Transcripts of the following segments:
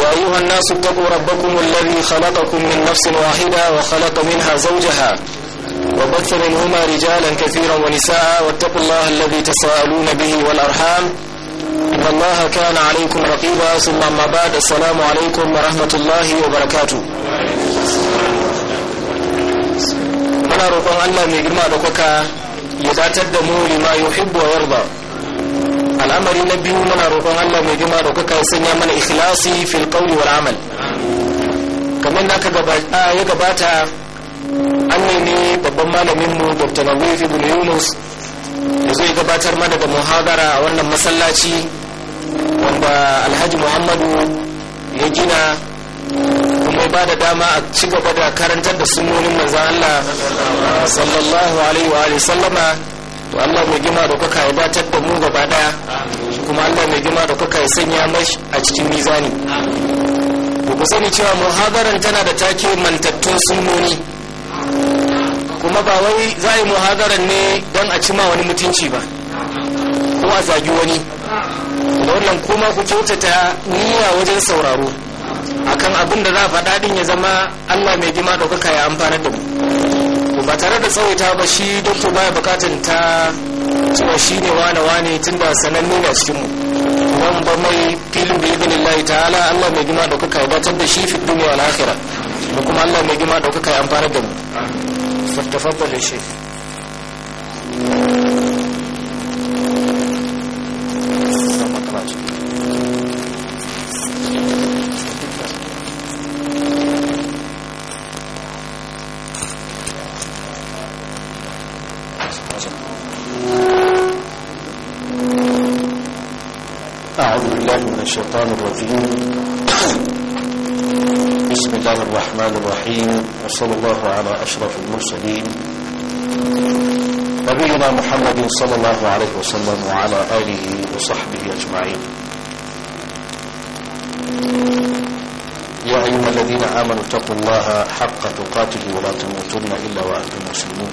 وأيها الناس اتقوا ربكم الذي خلقكم من نفس واحدة وخلق منها زوجها وبث منهما رجالا كثيرا ونساء واتقوا الله الذي تساءلون به والأرحام إن الله كان عليكم رقيبا ثم أما بعد السلام عليكم ورحمة الله وبركاته أنا roƙon الله من girma da kuka ya datar da mu al'amari na biyu muna roƙon Allah mai girma da kuka sanya mana ikhlasi fil qawli wal amal kamar da aka ya gabata an nemi babban malamin mu Dr. Nawif ibn Yunus da zai gabatar mana da muhadara a wannan masallaci wanda Alhaji Muhammadu ya gina kuma ba da dama a ci gaba da karantar da sunnonin manzon Allah sallallahu alaihi wa sallama to Allah mai gima da kuka ya dace da mu gaba daya kuma Allah mai gima da kuka ya sanya mashi a cikin mizani ku ku sani cewa muhabaran tana da take mantattun sunnoni kuma ba wai za yi muhabaran ne don a cima wani mutunci ba ko a zagi wani da wannan kuma ku kyautata niyya wajen sauraro akan abin da za a faɗa ya zama Allah mai gima da kuka ya amfanar da mu to ba tare da tsawaita ba shi doktor baya bukatun ta cewa shi ne wane wane tun da sananne ne a cikinmu don ba mai filin bi ibn lillahi ta'ala Allah mai gima da kuka batar da shi fit duniya na akira da kuma Allah mai gima da kuka amfana da mu fattafaddal shi. من الشيطان الرجيم بسم الله الرحمن الرحيم وصلى الله على أشرف المرسلين نبينا محمد صلى الله عليه وسلم وعلى آله وصحبه أجمعين يا أيها الذين آمنوا اتقوا الله حق تقاته ولا تموتن إلا وأنتم مسلمون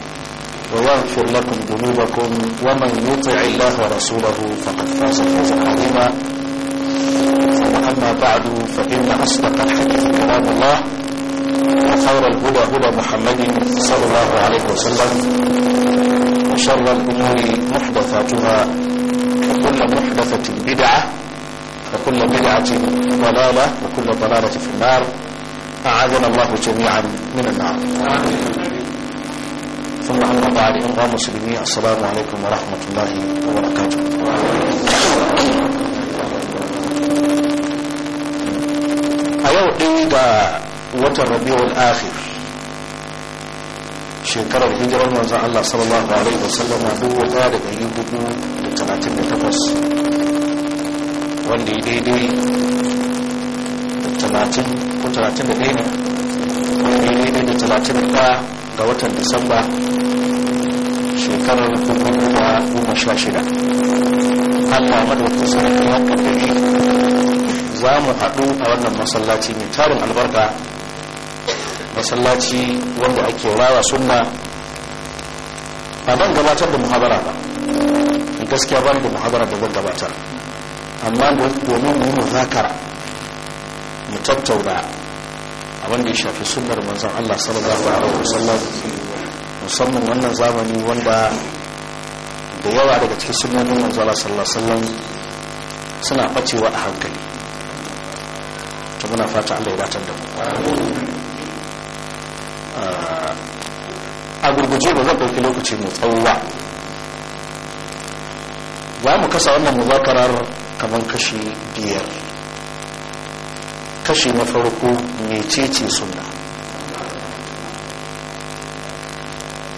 ويغفر لكم ذنوبكم ومن يطع الله ورسوله فقد فاز فوزا عظيما واما بعد فإن أصدق الحديث كلام الله وخير الهدى هدى محمد صلى الله عليه وسلم وشر الأمور محدثاتها وكل محدثة بدعة وكل بدعة ضلالة وكل ضلالة في النار أعاذنا الله جميعا من النار آمين. ثم أن الله عليه أنغى مسلمين السلام عليكم ورحمة الله وبركاته أيو إيدا وتر ربيع الآخر شكر الهجرة من وزع الله صلى الله عليه وسلم أبو وطالب أيوب بن تلاتين تقص واللي دي دي تلاتين وتلاتين دينا واللي دي دي تلاتين دينا ga watan disamba shekarar kuma goma sha shida allah madaukin sarki haka da za mu haɗu a wannan masallaci mai tarin albarka masallaci wanda ake rawa sunna ba ban gabatar da muhabara ba in gaskiya ban da muhabara da ban gabatar amma domin mu zakara mu tattauna wanda ya shafi sunar manzan Allah sallallahu alaihi wasallam musamman wannan zamani wanda da yawa daga cikin sunanin manzan Allah sallallahu alaihi wasallam suna ɓacewa a hankali to muna fata Allah ya datar da mu a gurguje ba zan ɗauki lokaci mai tsawo ba za mu kasa wannan muzakarar kamar kashi biyar kashi na farko mecece sunna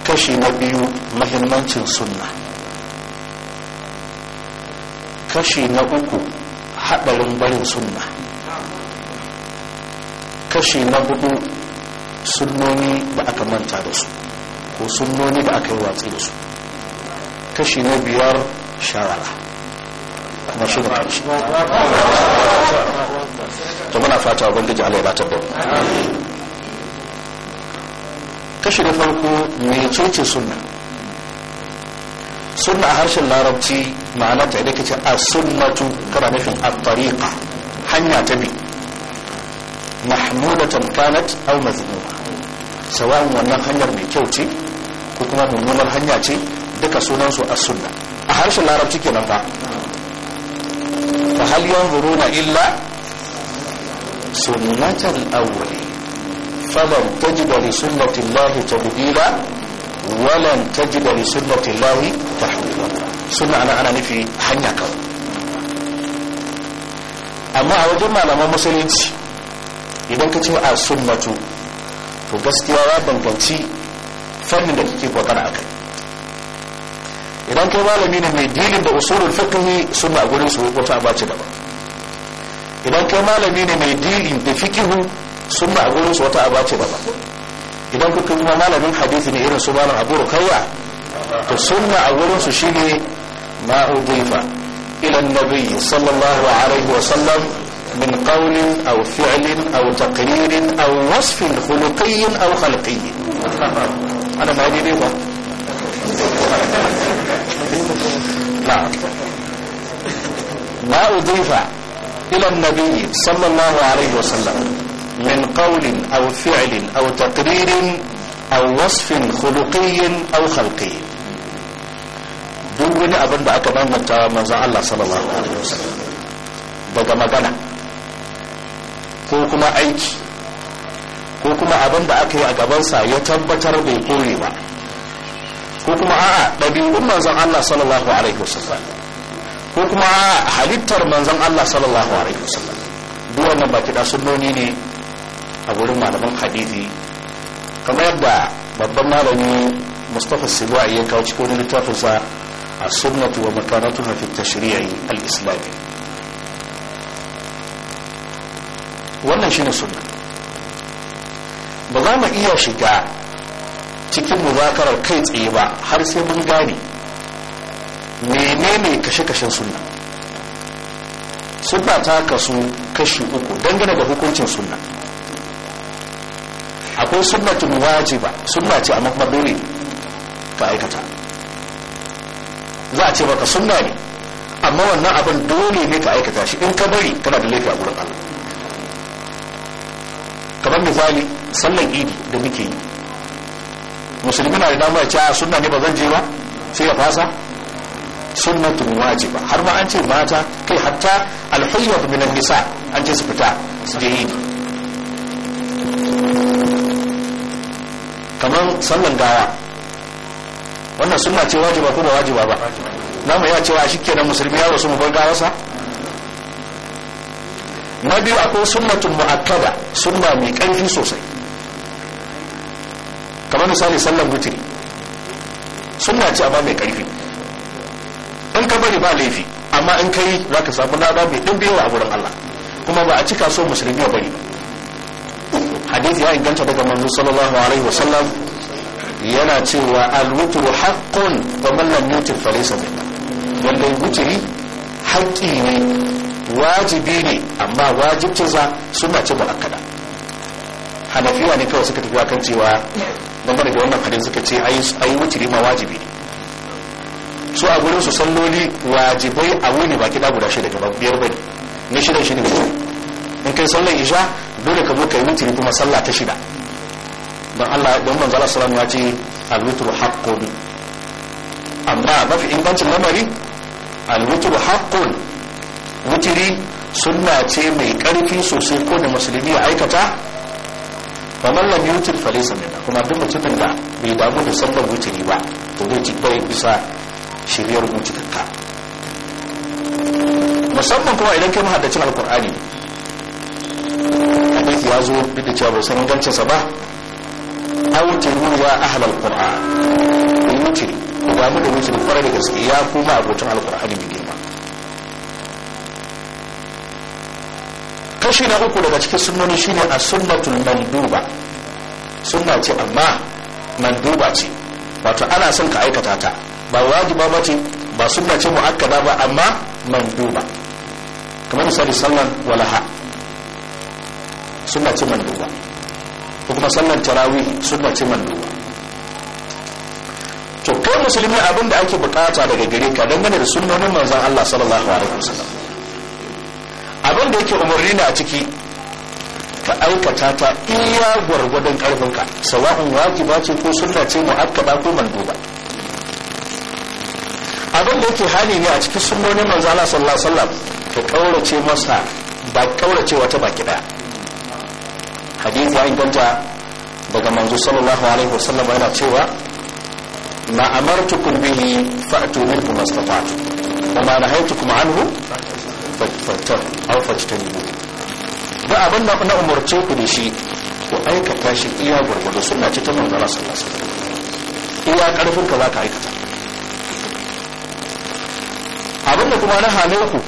kashi na biyu mahimmancin sunna kashi na uku haɗarin barin sunna kashi na hudu sunnoni ba aka manta da su ko sunnoni ba aka yi watsi da su kashi na biyar shara'a kuma shi to muna fata ubangiji Allah ya bata ba kashi da farko mecece sunna sunna a harshen larabci ma'ana ta idan kace as-sunnatu kana nufin at-tariqa hanya ta bi mahmudatan kanat aw mazmuma sawa'un wannan hanyar mai kyau ce ko kuma mummunar hanya ce duka sunan su as-sunna a harshen larabci kenan fa fa hal yanzuruna illa sunnata al’awwali faman ta ji da risunnatin lahi ta hudura walan ta da risunnatin lahi ta ana ana nufi hanya kawai amma a wajen malaman musulunci idan ka ce a sunnatu to gaskiya ya banganci fannin da kake kwakwara a kai idan kai malami ne mai dilin da usulun fakuhi sunna a gurin su wata abace daban idan kai malami ne mai dirin da fikihu sun ba a gurin su wata aba ce ba idan kuka kuma malamin hadisi ne irin su malam abu rukayya to sun ba a gurin su ne ma udifa ila nabi sallallahu alaihi wa sallam min qawlin aw fi'lin aw taqririn aw wasfin khuluqiyyin aw khalqiyyin ana ma dai ba na ma udifa إلى النبي صلى الله عليه وسلم من قول أو فعل أو تقرير أو وصف خلقي أو خلقي duk wani abin da aka bambanta manzan Allah sallallahu alaihi wasallam daga magana ko kuma aiki ko kuma abin da aka yi a gabansa ya tabbatar bai kore ba ko kuma a'a dabi'un manzan Allah sallallahu alaihi wasallam ko kuma halittar manzon Allah sallallahu alaihi wasallam duk wannan baki da sunnoni ne a gurin malaman hadisi kamar yadda babban malami Mustafa Sibai ya kawo cikin littafinsa a sunnatu wa makanatuha fi tashri'i al-islami wannan shine sunna ba za mu iya shiga cikin muzakarar kai tsaye ba har sai mun gane menene kashe-kashen sunna suna ta kasu kashi uku dangane da hukuncin sunna akwai sunnatun wajiba sunna ce amma kuma dole ka aikata za a ce baka sunna ne amma wannan abin dole ne ka aikata shi in ka bari kana da laifi a gurin Allah kamar misali sallan idi da muke yi musulmi na da damar cewa sunna ne ba zan je ba sai ya fasa sunnatun wajiba har ma an ce mata kai hatta alhayyatu min nisa an ce su fita su je yi kamar sallan gawa wannan sunna ce wajiba ko ba wajiba ba na mu ya cewa shikenan musulmi ya wasu mu bar gawarsa na biyu akwai sunnatun mu'akkada sunna mai karfi sosai kamar misali sallan wutiri sunna ce amma mai karfi in ka bari ba laifi amma in kai za ka samu lada mai ɗin a wurin Allah kuma ba a cika so musulmi ya bari hadith ya inganta daga manzo sallallahu alaihi wasallam yana cewa al-wutru haqqun wa man lam yutir wanda wutri haƙƙi ne wajibi ne amma su suna ce mu'akkada hanafiya ne kawai suka tafi akan cewa dangane da wannan hadin suka ce ayi wutri ma wajibi ne su a gurin su salloli wajibai a wuni ba da guda shida gaba biyar bane na shida shi ne in kai sallar isha dole ka zo ka yi wutiri kuma sallah ta shida don Allah don manzo Allah sallallahu ya ce al-witru haqqun amma mafi ingancin lamari al-witru haqqun wutiri sunna ce mai karfi sosai ko da musulmi ya aikata fa man lam yutir falaysa minna kuma duk mutumin da bai damu da sallar wutiri ba to zai ci bai bisa shiriyar mu cikakka musamman kuma idan kai mahaddacin alkur'ani hadith ya zo duk da cewa bai san ingancinsa ba autiru ya ahlal qur'an in wuce ba mu da mutiri kwarai da gaske ya kuma abotan alkur'ani mai girma kashi na uku daga cikin sunnoni shine a sunnatul manduba sunna ce amma manduba ce wato ana son ka aikata ta ba wajiba ba ce ba suna ce mu'akkada ba amma manduba kamar misali sallan walaha suna ce manduba ko kuma sallan tarawi suna ce manduba to kai musulmi abin da ake bukata daga gare ka dangane da sunnonin manzon Allah sallallahu alaihi wasallam abin da yake umarni na a ciki ka aikata ta iya gwargwadon karfinka sawa'un wajiba ce ko sunna ce mu'akkada ko manduba abin da yake hali ne a cikin sunnonin manzo Allah sallallahu alaihi wasallam ka kaurace masa ba kaurace wata baki daya hadisi ya inganta daga manzo sallallahu alaihi wasallam yana cewa ma amartukum bihi fa'tu minhu mastata'tu wa ma nahaytukum anhu fa'tu aw fajtanibu da abin da na umarce ku da shi ku aikata shi iya gurgudu suna ce ta manzo sallallahu alaihi wasallam iya karfin ka za ka aikata abin da kuma na hane ku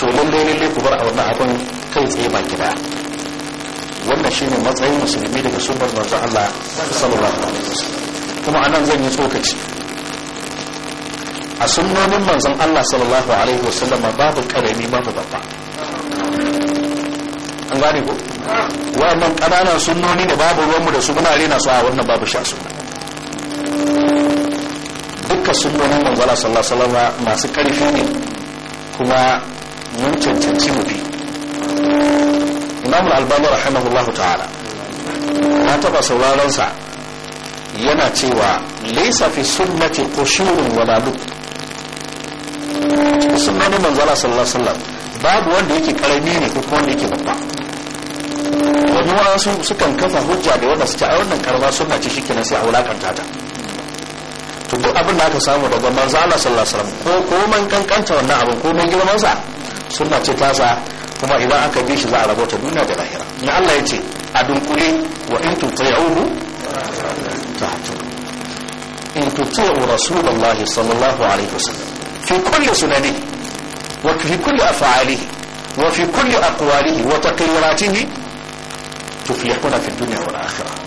to dai ne ku bar a wannan abin kai tsaye ba gida wannan shine matsayin musulmi daga sunnar manzo Allah sallallahu alaihi wasallam kuma anan zan yi tsokaci a sunnonin manzon Allah sallallahu alaihi wasallam babu karami babu babba an gane ko wa'annan kananan sunnoni da babu ruwanmu da su muna rena su a wannan babu sha suna dukkan sunnonin manzala sallallahu alaihi masu karfi ne kuma mun cancanci mu bi imam al-albani rahimahullah ta'ala na taba sauraron sa yana cewa laysa fi sunnati qushurun wa labud sunnonin manzala sallallahu alaihi wasallam babu wanda yake karami ne ko wanda yake babba wani wasu sukan kafa hujja da wanda suke a wannan karba sunna ce shikenan sai a wulakanta ta duk abin da aka samu daga manzo Allah sallallahu alaihi wasallam ko ko man kankanta wannan abin ko mai girman sa sunna ce ta sa kuma idan aka bi shi za a rabota duniya da lahira na Allah ya ce a dunkule wa in tuti'uhu tahtadu in tuti'u rasulullahi sallallahu alaihi wasallam fi kulli sunani wa fi kulli af'alihi wa fi kulli aqwalihi wa taqiratihi tuflihuna fi dunya wal akhirah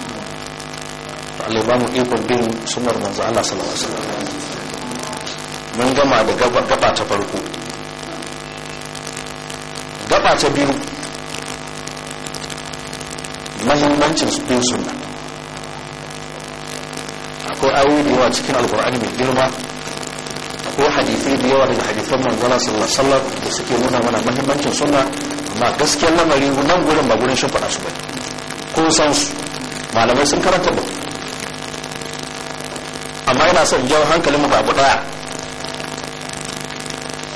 Allah mu ikon bin sunar manzo Allah salawasu alaihi mun gama da gaba ta farko gaba ta biyu mahimmancin bin suna akwai ayoyi da yawa cikin alkur'ani mai girma akwai hadisai da yawa daga hadisan manzala Allah salawasu da suke nuna mana mahimmancin suna amma gaskiyar lamarin nan gurin ba gurin shimfiɗa su ba ko san su malamai sun karanta ba amma yana son jawo hankalin mu babu daya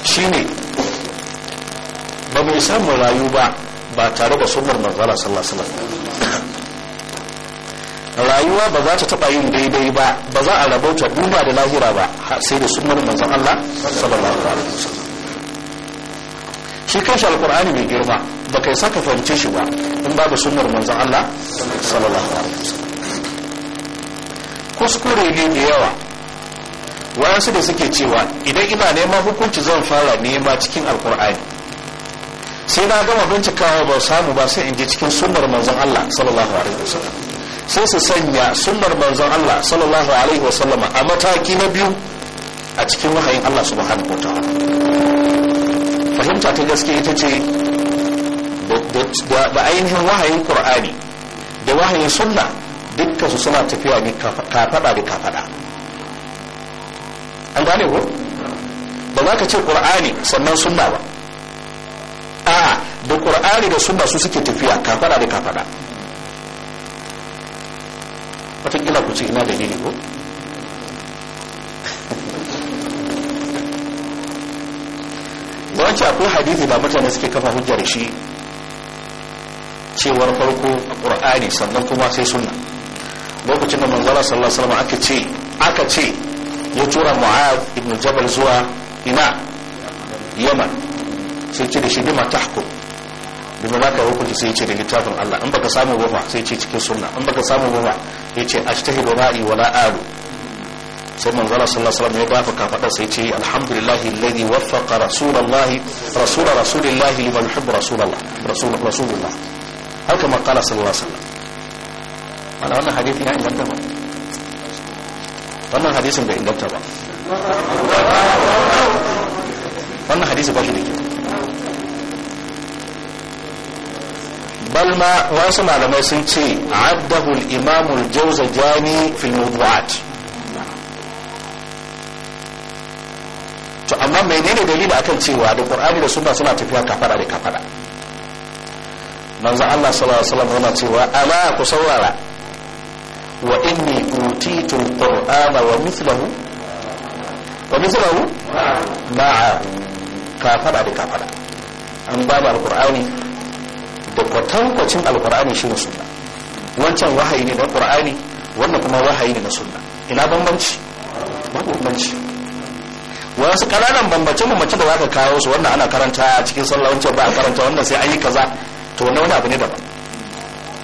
shine ba mu isa mu rayu ba ba tare da sunnar manzala sallallahu alaihi wasallam rayuwa ba za ta taba yin daidai ba ba za a ta duniya da lahira ba sai da sunnar manzon Allah sallallahu alaihi wasallam shi shi alqur'ani mai girma ba kai saka fahimce shi ba in babu sunnar manzon Allah sallallahu alaihi wasallam kuskure ne da yawa wayansu da suke cewa idan ina neman hukunci zan fara nema cikin alkur'ani sai na gama bincikawa ba samu ba sai in je cikin sunnar manzon Allah sallallahu alaihi wasallam sai su sanya sunnar manzon Allah sallallahu alaihi wasallam a mataki na biyu a cikin wahayin Allah subhanahu wataala fahimta ta gaske ita ce da ainihin wahayin qur'ani da wahayin sunna dukkan su suna tafiya ne kafada da kafada an gane ko ba za ka ce ƙur'ani sannan sunna ba a da ƙur'ani da sunna su suke tafiya kafada da kafada watakila ku ce ina da ne ko wace akwai hadithi da mutane suke kafa hujjar shi cewar farko a ƙur'ani sannan kuma sai sunna lokacin da manzara sallallahu alaihi wasallam aka ce aka ce ya tura mu'ad ibn jabal zuwa ina yaman sai ce da shi bima tahkum bima baka hukunci sai ce da littafin Allah in baka samu ba sai ce cikin sunna in baka samu ba yace ajtahidu ra'i wala alu sai manzara sallallahu alaihi wasallam ya bafa kafada sai ce alhamdulillah alladhi waffaqa rasulullahi rasul rasulillah liman yuhibbu rasulullah rasulullah haka ma qala sallallahu alaihi wasallam mana wannan hadisi ya inganta ba wannan hadisin bai inganta ba wannan hadisi ba shi da kyau Balma wasu malamai sun ce addahu al-imam al-jawzajani fil mawdu'at to amma menene dalili akan cewa da qur'ani da sunna suna tafiya kafara da kafara manzo Allah sallallahu alaihi wasallam yana cewa ala ku saurara wa inni utitu alqur'ana wa mithluhu wa mithluhu ba'a kafara da kafara an ba da alqur'ani da al alqur'ani shi ne sunna wancan wahayi ne na qur'ani wannan kuma wahayi ne na sunna ina bambanci babu bambanci wasu ƙananan bambance mace da za kawo su wannan ana karanta a cikin sallah wancan ba a karanta wannan sai an yi kaza to wannan wani abu ne daban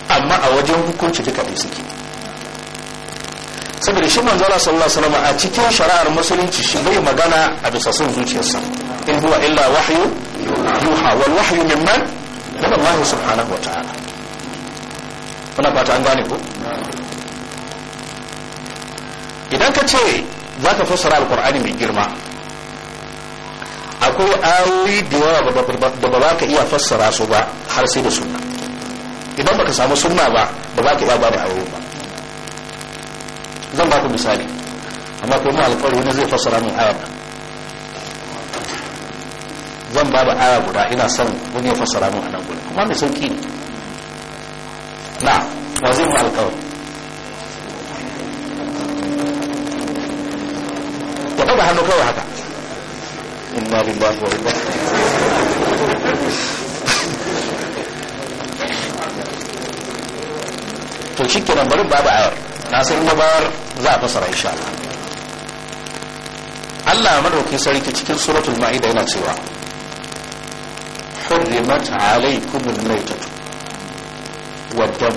amma a wajen hukunci duka dai suke saboda shi manzo Allah sallallahu alaihi wasallam a cikin shari'ar musulunci shi bai magana a bisa son zuciyarsa in huwa illa wahyu yuha wal wahyu man min Allah subhanahu wa ta'ala kuna fata an gane ko idan ka ce zaka fassara alqur'ani mai girma akwai ayoyi da yawa da ba za ka iya fassara su ba har sai da sunna idan baka samu sunna ba ba za ka iya ba da ayoyi ba zan ba ku misali amma kuma alƙawari wani zai fassara min ayar zan ba da aya guda ina son wani ya fassara min a guda kuma mai sauki ne na wa zai mu alƙawari ya ɗaga hannu kawai haka to shi kenan bari babu ayar na san na bayar za a fasara insha Allah Allah madaukin sarki cikin suratul ma'ida yana cewa حرمت عليكم الميتة والدم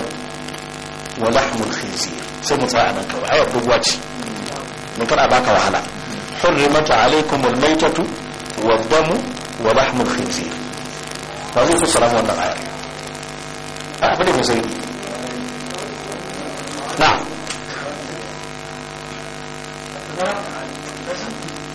ولحم الخنزير سمطاء نكوى هيا بواجي نكر أباك وحلا حرمت عليكم الميتة والدم ولحم الخنزير هذه في الصلاة والنغاية أحبني في سيدي نعم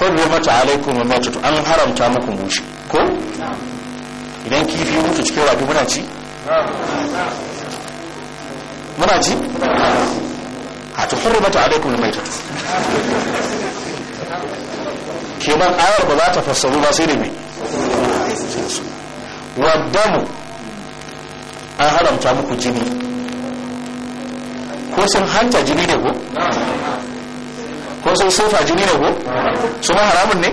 mata alaikum almaitatu an haramta muku mushi ko idan kifi mutu cikin rafi muna ci muna ci a ta mata alaikum ke ban ayar ba za ta fassaru ba sai da me waddamu an haramta muku jini ko sun hanta jini ne ko wasu sun fajiri ne ko su ma haramun ne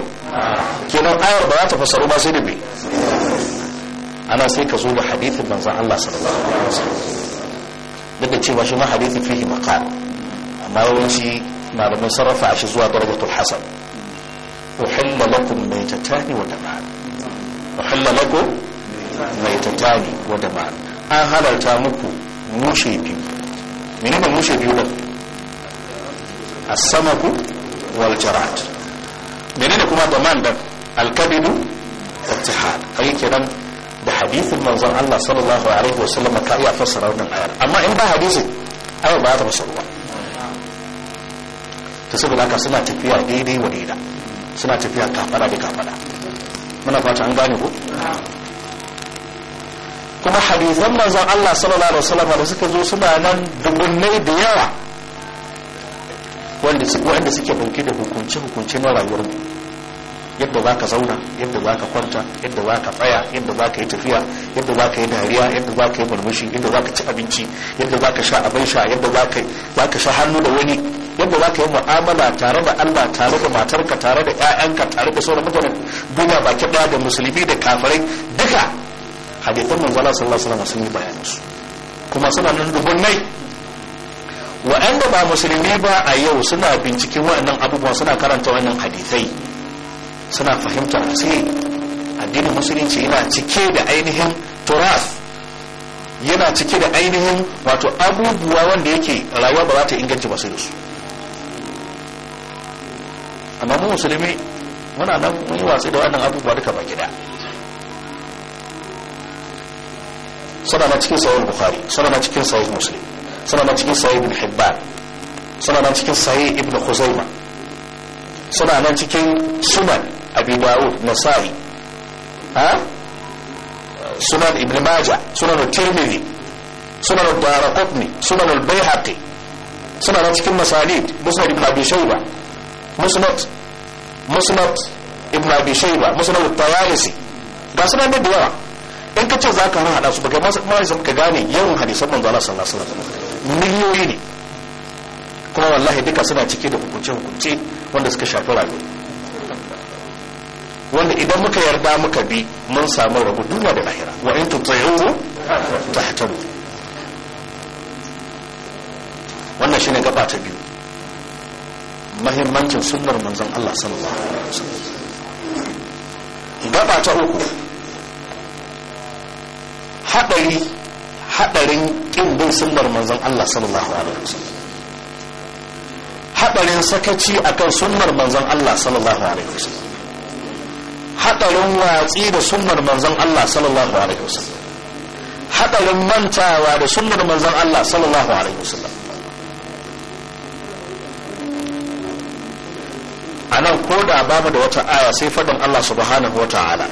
kenan ayar ba za ta fasaru ba sai da bai ana sai ka zo da hadithin manzan Allah sallallahu alaihi wasallam duk cewa shi ma hadithi fihi maqal amma yawanci malamin sarrafa shi zuwa darajatul hasan uhilla lakum maytatani wa dama'an uhilla lakum maytatani wa dama'an an halarta muku mushe biyu menene mushe biyu da as-samaku wal menene kuma daman dan al-kabidu wattihad kai kenan da hadisin manzon Allah sallallahu alaihi wasallam ka iya fassara wannan ayar amma in ba hadisi ai ba ta fassara ba to saboda haka suna tafiya daidai wa daida suna tafiya kafara da kafara muna fata an gane ko kuma hadisan manzon Allah sallallahu alaihi wasallam da suka zo suna nan dubunnai da yawa wanda suke dauke da hukunce-hukunce na rayuwar yadda za ka zauna yadda za ka kwanta yadda za ka tsaya yadda za ka yi tafiya yadda za ka yi dariya yadda za ka yi murmushi yadda za ka ci abinci yadda za ka sha abin sha yadda za ka sha hannu da wani yadda za ka yi mu'amala tare da allah tare da matarka tare da 'ya'yanka tare da sauran mutanen duniya baki daya da musulmi da kafirai duka hadithan manzala sallallahu alaihi wasallam sun yi bayanin su kuma suna nan dubunnai waɗanda ba musulmi ba a yau suna binciken waɗannan abubuwan suna karanta wannan hadisai suna fahimtar sai addinin musulunci yana cike da ainihin turaf yana cike da ainihin wato abubuwa wanda yake rayuwa ba za ta inganci ba sai da su amma mu musulmi muna nan mun yi watsi da wannan abubuwa duka ba gida suna na cikin sahih bukhari suna na cikin sahih muslim suna nan cikin sahih ibn hibban suna nan cikin sahih ibn khuzaima suna nan cikin sunan abi dawud nasa'i ha sunan ibn majah sunan tirmidhi sunan ad-darqutni sunan al-baihaqi suna nan cikin masalid musnad ibn abi shayba musnad musnad ibn abi shayba musnad at-tayalisi ga sunan da yawa in kace zaka hada su ba kai ma sai ka gane yawan hadisan manzo Allah sallallahu alaihi wasallam miliyoyi ne kuma wallahi duka suna cike da hukunce-hukunce wanda suka shafi rayu wanda idan muka yarda muka bi mun samu rabu duniya da lahira wa in tutayyuru tahtaru wannan shine gaba ta biyu mahimmancin sunnar manzon Allah sallallahu alaihi wasallam gaba ta uku hadari haɗarin ƙin bin sunnar manzon Allah sallallahu alaihi wasallam haɗarin sakaci akan sunnar manzon Allah sallallahu alaihi wasallam haɗarin watsi da sunnar manzon Allah sallallahu alaihi wasallam haɗarin mantawa da sunnar manzon Allah sallallahu alaihi wasallam Anan koda ko da da wata aya sai fadan Allah subhanahu wata'ala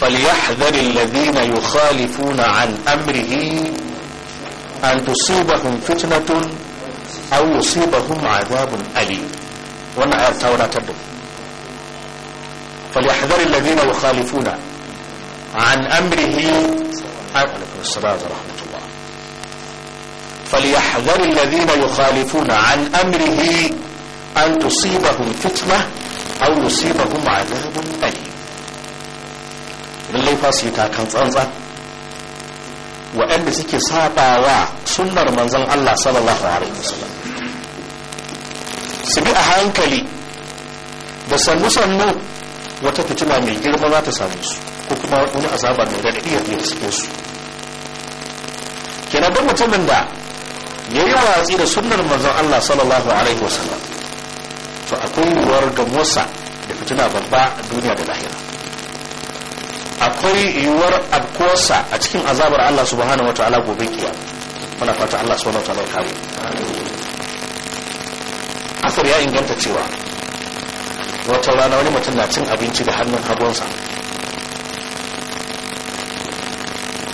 فليحذر الذين يخالفون عن أمره أن تصيبهم فتنة أو يصيبهم عذاب أليم وانا ارتاونا آية تبدو فليحذر الذين يخالفون عن أمره عليكم السلام ورحمة الله فليحذر الذين يخالفون عن أمره أن تصيبهم فتنة أو يصيبهم عذاب أليم lallai fa su yi takan tsantsan waɗanda suke wa sunnar manzon Allah sallallahu alaihi wasallam su bi a hankali da sannu sannu wata fitina mai girma za ta samu su ko kuma wani azaba mai daɗi ya biya cikin su kenan duk mutumin da ya yi watsi da sunnar manzon Allah sallallahu alaihi wasallam to akwai yiwuwar gamuwarsa da fitina babba a duniya da lahira akwai yiwuwar abkosa a cikin azabar Allah subhanahu wa ta'ala gobe kiya muna fata Allah subhanahu wa ta'ala kare asar ya inganta cewa wata rana wani mutum na cin abinci da hannun sa.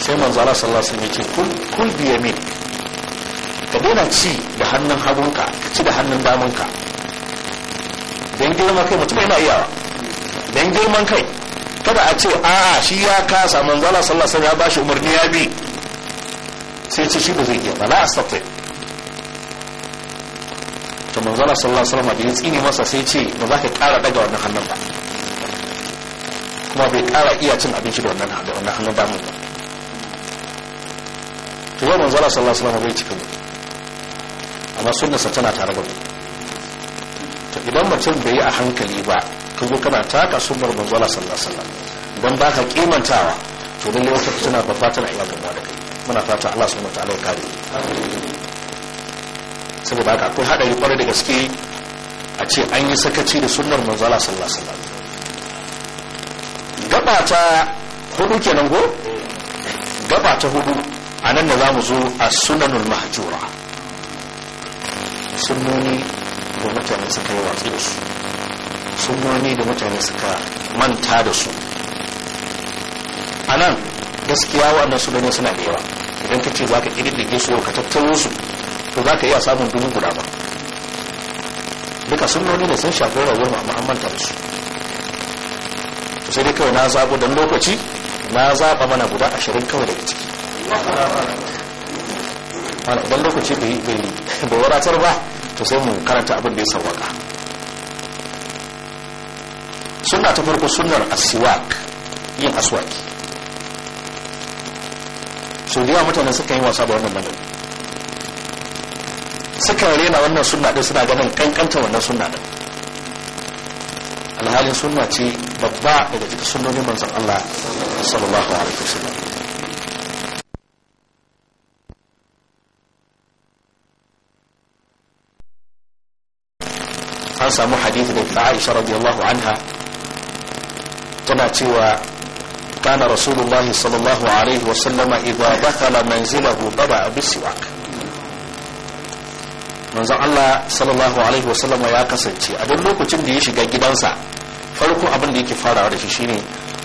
sai manzo Allah sallallahu alaihi wasallam yake kul bi yamin ka daina ci da hannun hagunka ka ci da hannun damanka dan girman kai mutum yana iyawa dan girman kai kada a ce a'a shi ya kasa manzala sallasa ya ba shi umarni ya bi sai ce shi ba zai iya ba la ta to manzala sallasa ma biyu tsini masa sai ce ba za ka kara daga wannan hannun ba kuma bai kara iya cin abinci da wannan hannun damun ba ta yi manzala sallasa ma bai cikin amma sa tana tare ba mu idan mutum bai yi a hankali ba kuma kana taka sunnar manzo Allah sallallahu alaihi wasallam dan baka kimantawa to dan wata suna babba tana iya gaba da kai muna fata Allah subhanahu Ta'ala ya kare saboda haka akwai hadari kwarai da gaske a ce an yi sakaci da sunnar manzo Allah sallallahu alaihi wasallam gaba ta hudu kenan go gaba ta hudu a nan da zamu zo a sunanul mahjura sunnoni da mutane suka yi watsi da su gurni da mutane suka manta da su a nan gaskiya waɗannan ne suna da yawa idan ka ce za ka ƙididdige su ka tattaro su to za ka iya samun dubu guda ba duka sun gurni da sun shafi rawar amma an manta da su sai dai kawai na zaɓo don lokaci na zaɓa mana guda ashirin kawai daga ciki wani lokaci bai wadatar ba to sai mu karanta abin da ya sauwaka suna ta farko sunnar asiwak yin aswaki so da yawa mutane suka yi wasa ba wannan magana suka rena wannan sunna din suna ganin kankanta wannan sunna din alhalin suna ce babba daga cikin sunnonin manzon Allah sallallahu alaihi wasallam an samu hadisi da Aisha radiyallahu anha tana cewa kana rasulullahi sallallahu alaihi wasallama idza dakhala manzilahu bada bisiwak manzon Allah sallallahu alaihi wasallama ya kasance a duk lokacin da ya shiga gidansa farko abin da yake farawa da shi shine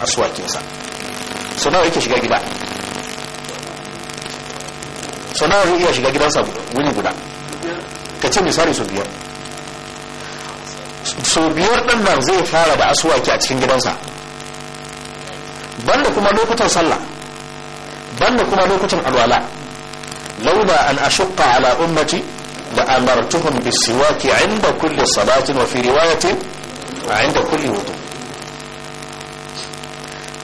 aswakinsa so nawa yake shiga gida so nawa zai iya shiga gidansa wuni guda ka ce misali su biyar so biyar ɗan nan zai fara da aswaki a cikin gidansa banda kuma lokutan sallah banda kuma lokutan alwala lauba an ashqa ala ummati da amartuhum bisiwaki inda kulli salatin wa fi riwayatin inda kulli wudu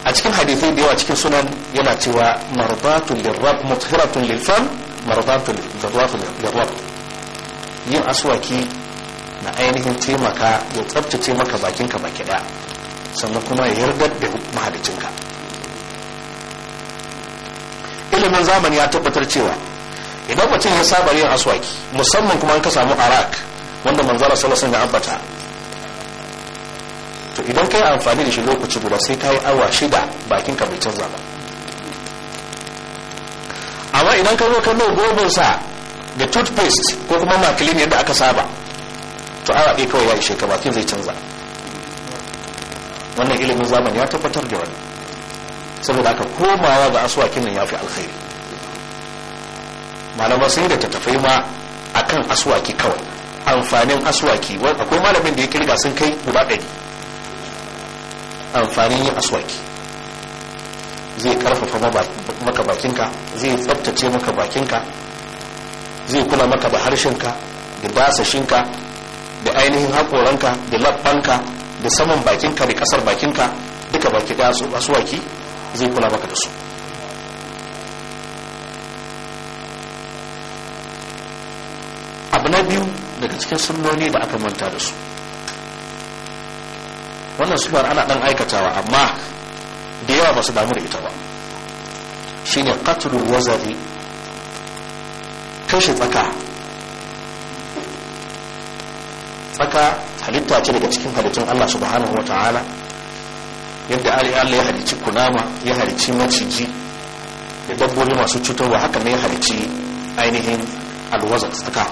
a cikin hadithai da yawa cikin sunan yana cewa marbatun lirrab muthiratun lilfam marbatun lirrab yin aswaki na ainihin taimaka ya tsabtace maka bakinka baki daya sannan kuma ya yarda da mahalicinka ilimin zamani ya tabbatar cewa idan mutum ya saba yin aswaki musamman kuma an ka samu arak wanda manzara salasin da ambata to idan ka yi amfani da shi lokaci guda sai ka yi awa shida bakin ka bai canza amma idan ka zo ka nau gobinsa da toothpaste ko kuma makilin yadda aka saba to awa ɗaya kawai ya ishe ka bakin zai canza wannan ilimin zamani ya tabbatar da wani saboda aka komawa ga aswakin nan ya fi alkhairi malamar sun da tattafai ma kan aswaki kawai amfanin aswaki akwai malamin da ya kirga sun kai guda ɗari amfanin yin aswaki zai karfafa maka bakinka zai tsabtace maka bakinka zai kula maka da harshenka da dasashinka da ainihin haƙoranka da labbanka da saman bakinka da kasar bakinka duka baki da asuwaki zai kula maka da su abu na biyu daga cikin sunnoni da aka manta da su wannan sunar ana dan aikatawa amma da yawa ba su damu da ita ba shine ruwa wazari kashe tsaka tsaka halitta ce daga cikin halittun Allah subhanahu ta'ala yadda Allah ya halicci kunama ya halicci maciji da dabbobi masu cutarwa haka ne ya halicci ainihin alwazar tsaka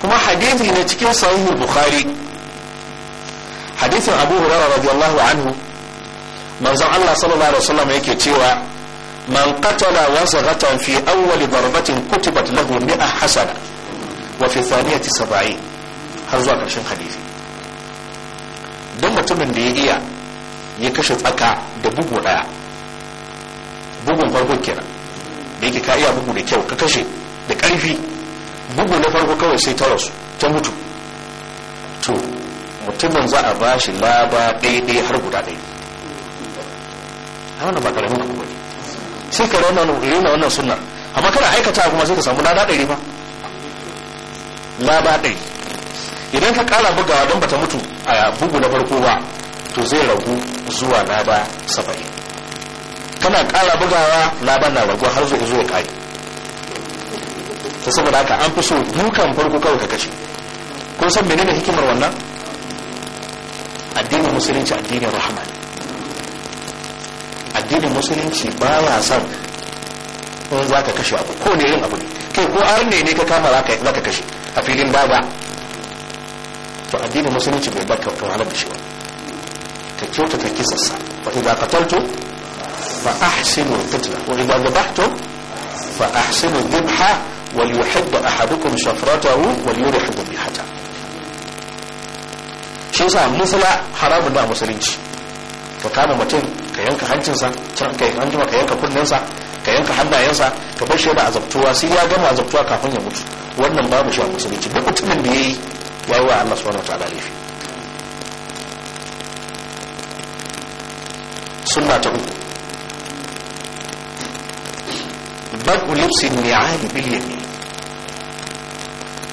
kuma hadithi ne cikin sahihu bukhari hadithin abu hurara radiyallahu anhu manzon Allah sallallahu alaihi wasallam yake cewa man qatala ratafi fi awwal darbatin kutibat lahu a hasana wa fi saniyati saba'i har zuwa karshen hadisi don mutumin da ya iya ya kashe tsaka da bugu daya bugun farko kenan da yake ka iya bugu da kyau ka kashe da karfi bugu na farko kawai sai ta rasu ta mutu to mutumin za a ba shi laba ɗaiɗai har guda ɗaya wannan ba karamin abu ba ne sai ka rauna wannan sunnar amma kana aikata kuma sai ka samu lada ɗari ba ba ɗai idan ka ƙala bugawa don bata mutu a bugu na farko ba to zai ragu zuwa na ba saba'in kana ƙala bugawa ba na ragu har zuwa zuwa ƙari ta saboda haka an fi so dukan farko kawai ka kashe kun san menene hikimar wannan addinin musulunci addinin rahama addinin musulunci ba ya san in za ka kashe abu ko ne yin abu ne kai ko arne ne ka kama zaka zaka kashe a filin baba to addini musulunci bai baka to halar da shi ba ta kyauta ka kisassa wa idza qataltu fa ahsinu qatla wa idza dhabhtu fa ahsinu dhabha wa yuhibbu ahadukum shafratahu wa yurhibu bihata shi sa musula haramu da musulunci ka kama mutum ka yanka hancinsa ka yanka an jima ka yanka kunnensa ka yanka hannayensa ka bar shi da azabtuwa sai ya gama azabtuwa kafin ya mutu wannan babu shi a musulunci duk mutumin da yi ya yi wa Allah ta da laifi suna ta uku badu lipsi ni'ani biliyan ne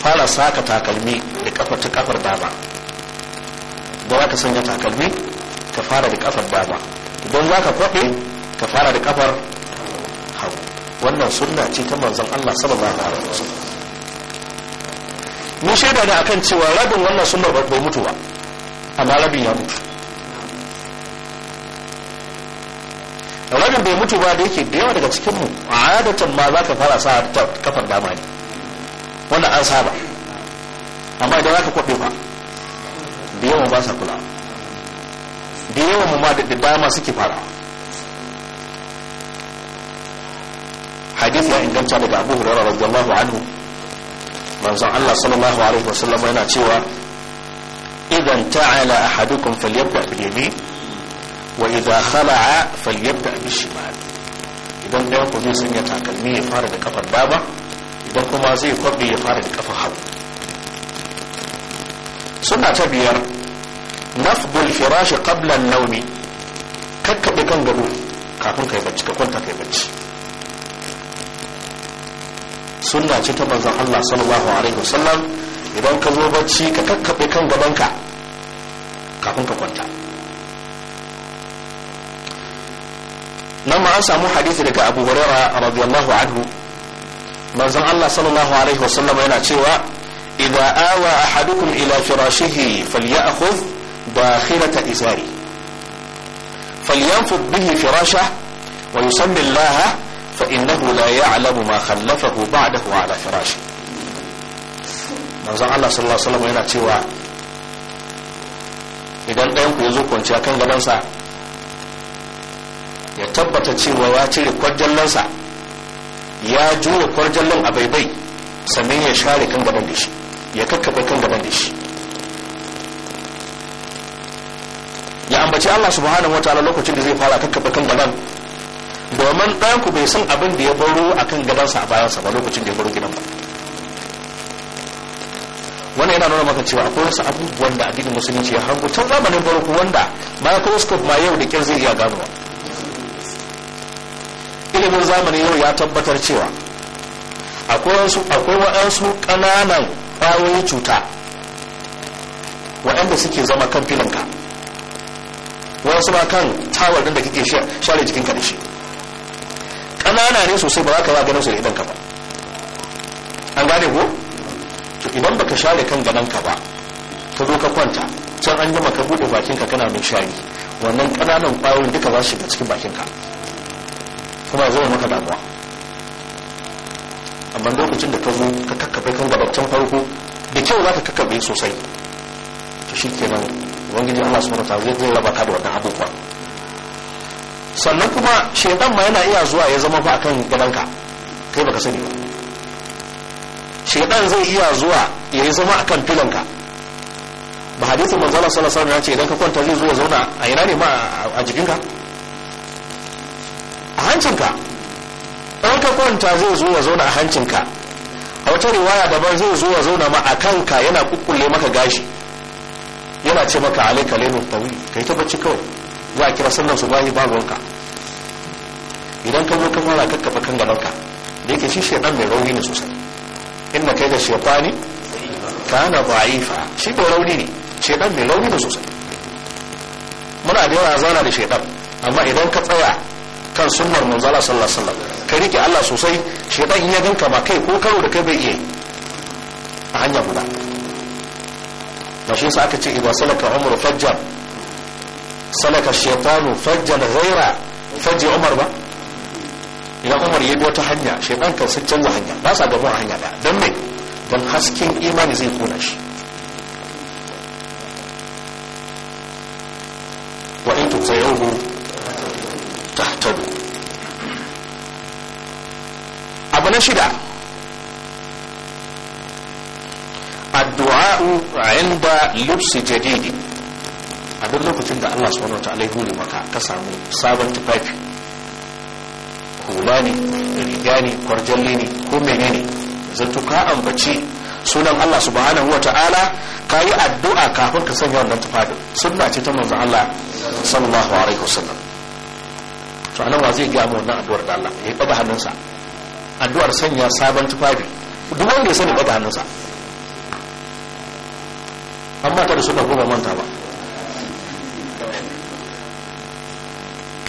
fara saka takalmi da kafa ta kafar dama ba ka sanya takalmi ka fara da kafar dama idan za ka kwaɓe ka fara da kafar wannan sunna ce ta manzon Allah sallallahu alaihi wasallam mun shaida ne akan cewa rabin wannan sunna ba bai mutu ba amma rabin ya mutu rabin bai mutu ba da yake da yawa daga cikin mu adatan ma za ka fara sa ta kafar dama ne wannan an saba amma idan za ka kwabe ba da yawan ba sa kula da yawan mu ma da dama suke fara hadis ya inganta daga abu hurairah radiyallahu anhu manzon Allah sallallahu alaihi wa wasallam yana cewa idan ta'ala ahadukum falyabda bil yamin wa idha khala'a falyabda bil shimal idan ɗaya ku zai sanya takalmi ya fara da kafar baba idan kuma zai kwabe ya fara da kafar hagu suna ta biyar nafdul firashi qabla an-nawmi kakkabe kan gado kafin kai bacci ka kwanta kai bacci sunna ce ta manzon Allah sallallahu alaihi wasallam idan ka zo bacci ka kakkabe kan gabanka kafin ka kwanta nan ma an samu hadisi daga Abu Hurairah radiyallahu anhu manzon Allah sallallahu alaihi wasallam yana cewa idza awa ahadukum ila firashihi falyakhudh dakhirata izari falyanfud bihi firashahu wa yusammi Allah فإنه لا يعلم ما خلفه بعده على فراشه manzon Allah sallallahu alaihi wasallam yana cewa idan ɗayan ku ya zo kwanciya kan gabansa ya tabbata cewa ya cire kwarjallansa ya jure kwarjallon a baibai sannan ya share kan gaban da shi ya kakkaɓe kan gaban da shi ya ambaci Allah subhanahu wataala lokacin da zai fara kakkaɓe kan gaban domin ɗanku ku bai san abin da ya baro a kan gabansa a bayansa ba lokacin da ya baro gidan ba wannan yana nuna maka cewa akwai wasu abubuwan da addinin musulunci ya hango can zamanin farko wanda microscope ma yau da kyar zai iya ganowa ilimin zamani yau ya tabbatar cewa akwai waɗansu ƙananan ƙwayoyin cuta waɗanda suke zama kan filinka wasu ma kan tawar da kake share ka da shi ƙanana ne sosai ba za ka yi ganin su da idan ka ba an gane ko to idan baka share kan ganin ka ba ka zo ka kwanta can an gama ka bude bakin ka kana min shari wannan kananan ƙwayoyin duka za su shiga cikin bakin ka kuma zo maka damuwa amma lokacin da ka zo ka kakkafe kan can farko da kyau za ka kakkafe sosai to shi kenan ubangiji allah subhanahu wa ta'ala zai raba ka da wannan abubuwa sannan kuma shaidan ma yana iya zuwa ya zama fa akan gabanka kai baka sani ba shaidan zai iya zuwa ya yi zama akan filanka ba hadisin manzala sallallahu alaihi ce idan ka kwanta zai zo ya zauna a ina ne ma a jikinka a hancinka idan ka kwanta zai zo ya zauna a hancinka a wata riwaya daban zai zo ya zauna ma a kanka yana kukkulle maka gashi yana ce maka alaika lenu tawi kai ta bacci kawai za a kira sallar subahi ba ruwanka idan ka zo ka fara kakkafa kan gabanka da yake shi shaidan mai rauni ne sosai inda kai da shaitani kana ba'ifa shi mai rauni ne shaidan mai rauni ne sosai muna da yawa zauna da shaidan amma idan ka tsaya kan sunnar manzala sallar sallar ka rike Allah sosai shaidan in ya ganka ba kai ko karo da kai bai iya a hanya guda ba shi sa aka ce idan salaka umru fajjar سلك الشيطان فجا غير فج عمر ما إلى عمر يبي وتحنيا شيطان كان سجل وحنيا لا سبب ما حنيا لا دمي دم خسكين إيمان زي كونش وإن تطيعوه تحتبوا ابو شدا الدعاء عند لبس جديد a duk lokacin da Allah subhanahu wa ta'ala ya hore maka ka samu sabon tufafi hula ne riga ne kwarjalli ne ko menene zato ka ambaci sunan Allah subhanahu wa ta'ala ka yi addu'a kafin ka sanya wannan Sun sunna ce ta manzo Allah sallallahu alaihi wasallam to anan wa zai ga mu wannan addu'ar da Allah ya daga hannunsa addu'ar sanya sabon tufafi duk wanda ya sani daga hannunsa amma ta da sunna ko ba manta ba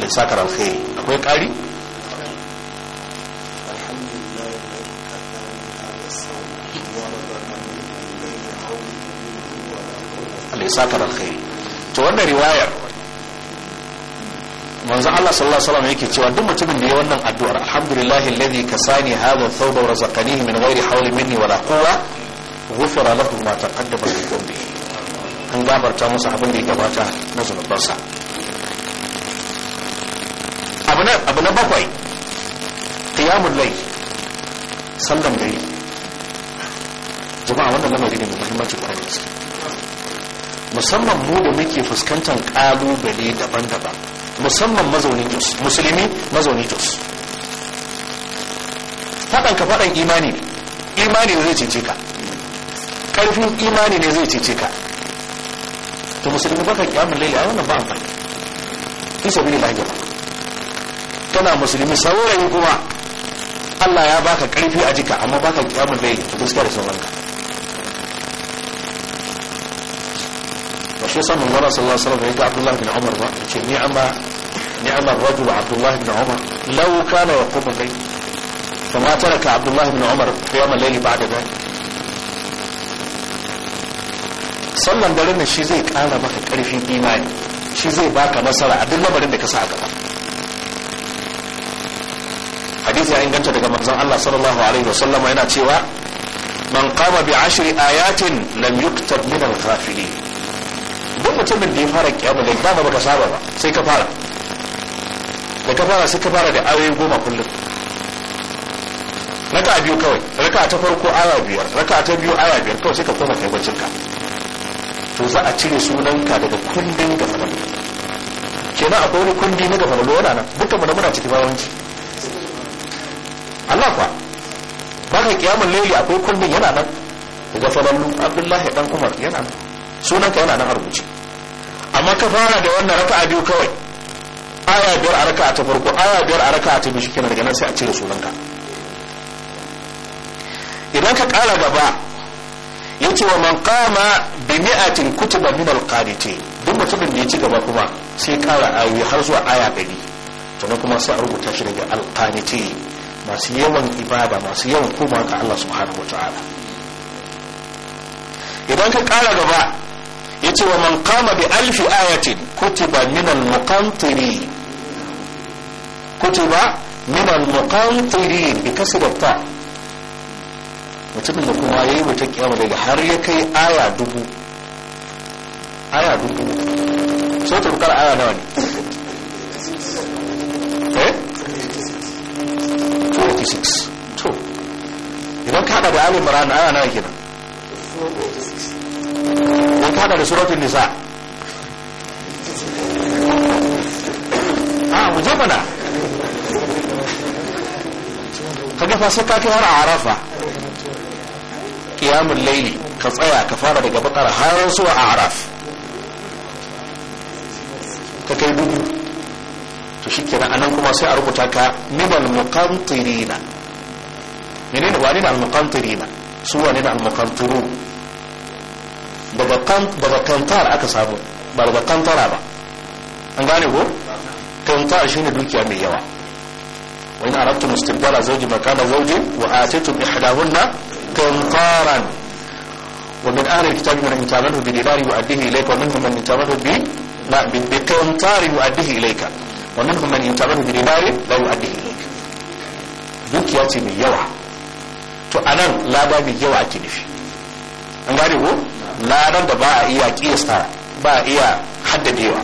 da alkhairi akwai ƙari Allah alkhairi to wannan riwayar manzo Allah sallallahu alaihi wasallam yake cewa duk mutumin da ya wannan addu'ar alhamdulillahi alladhi kasani hadha thawba wa razaqanihi min ghairi hawli minni wala quwwa ghufira lahu ma taqaddama min dhanbi an gabarta masa abin da ya gabata na zunubansa sannan abu na bakwai qiyamul layl sallan gari jama'a wanda lamari ne mai muhimmanci kwarai da musamman mu da muke fuskantar kalubale daban-daban musamman mazaunin jos musulmi mazaunin jos faɗan ka faɗan imani ne imani ne zai cece ka ƙarfin imani ne zai cece ka to musulmi baka kyamun a wannan ba amfani fi sabi ne lahiya tana musulmi saurayi kuma Allah ya baka karfi a jika amma baka kiyamun laili ta gaskiya da sauran ka wa shi samun wala sallallahu alaihi wasallam ya ga Abdullah bin Umar ba ce ni amma ni'ama ni'ama rajul Abdullah bin Umar law kana yaqumu layl ma ترك عبد الله بن عمر قيام الليل بعد ذلك sallan daren nan shi zai kara maka karfin imani shi zai baka nasara a duk lamarin da ka sa a gaba hadisi ya inganta daga manzon Allah sallallahu alaihi wasallam yana cewa man qama bi ashri ayatin lam yuktab min al duk mutumin da ya fara kiyama da dama baka saba ba sai ka fara da ka fara sai ka fara da ayoyi goma kullum raka biyu kawai raka ta farko aya biyar raka ta biyu aya biyar kawai sai ka koma kai bacin ka to za a cire sunanka daga kundin gafanar kenan akwai wani kundi na gafanar wani nan dukkanmu da muna ciki bawanci Allah kuwa baka kiyamun laili akwai kullum yana nan daga falallu abdullahi dan umar yana nan sunanka yana nan a rubuce amma ka fara da wannan raka'a biyu kawai aya biyar a raka'a ta farko aya biyar a raka'a ta biyu daga nan sai a cire sunanka idan ka kara gaba yace wa man qama bi mi'atin kutiba min al-qaniti duk mutumin da ya ci gaba kuma sai kara ayoyi har zuwa aya 100 to kuma sai a rubuta shi daga al masu yawan ibada masu yawan koma ga Allah subhanahu wataala idan ka kara gaba ya ce wa man kama bi alfi ayatin kutuba min al-muqantiri kutuba min al-muqantiri bi kasrata mutumin da kuma yayi wata kiyama daga har ya kai aya dubu aya dubu so ta bukar aya nawa ne 486 to idan ka da ali imran ana nan kenan idan ka da suratul nisa a ah, mu je mana kaga fa sai ka kai har arafa qiyamul layli ka tsaya ka fara daga bakara har zuwa araf ka kai dubu to shi anan kuma sai a rubuta ka minal muqantirina menene wani ne al-muqantirina su wani da al-muqantiru daga kantar aka samu ba daga kantara ba an gane ko kantar shine dukiya mai yawa wa in aradtum istibdala zawji makana zawji wa atitum ihdahunna kantaran ومن أهل الكتاب من إن تامنه بدينار يؤديه bi na bi إن تامنه بقنطار يؤديه ilayka wannan wa minhum man yuntabahu bi dinari la yu'addi dukiya ce mai yawa to anan lada mai yawa ke nufi an gane ko ladan da ba a iya kiyasta ba a iya haddadewa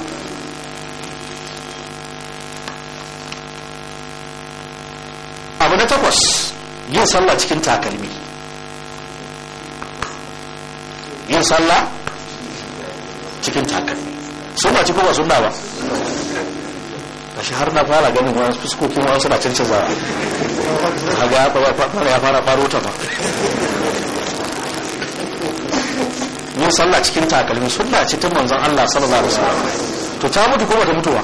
abu na takwas yin sallah cikin takalmi yin sallah cikin takalmi suna ci kuma suna ba shi har na fara ganin wani fuskokin wani suna cancan za a ga ya fara faro ta ba yin sallah cikin takalmi sunna ce ta manzon Allah sallallahu alaihi wasallam to ta mutu ko bata mutuwa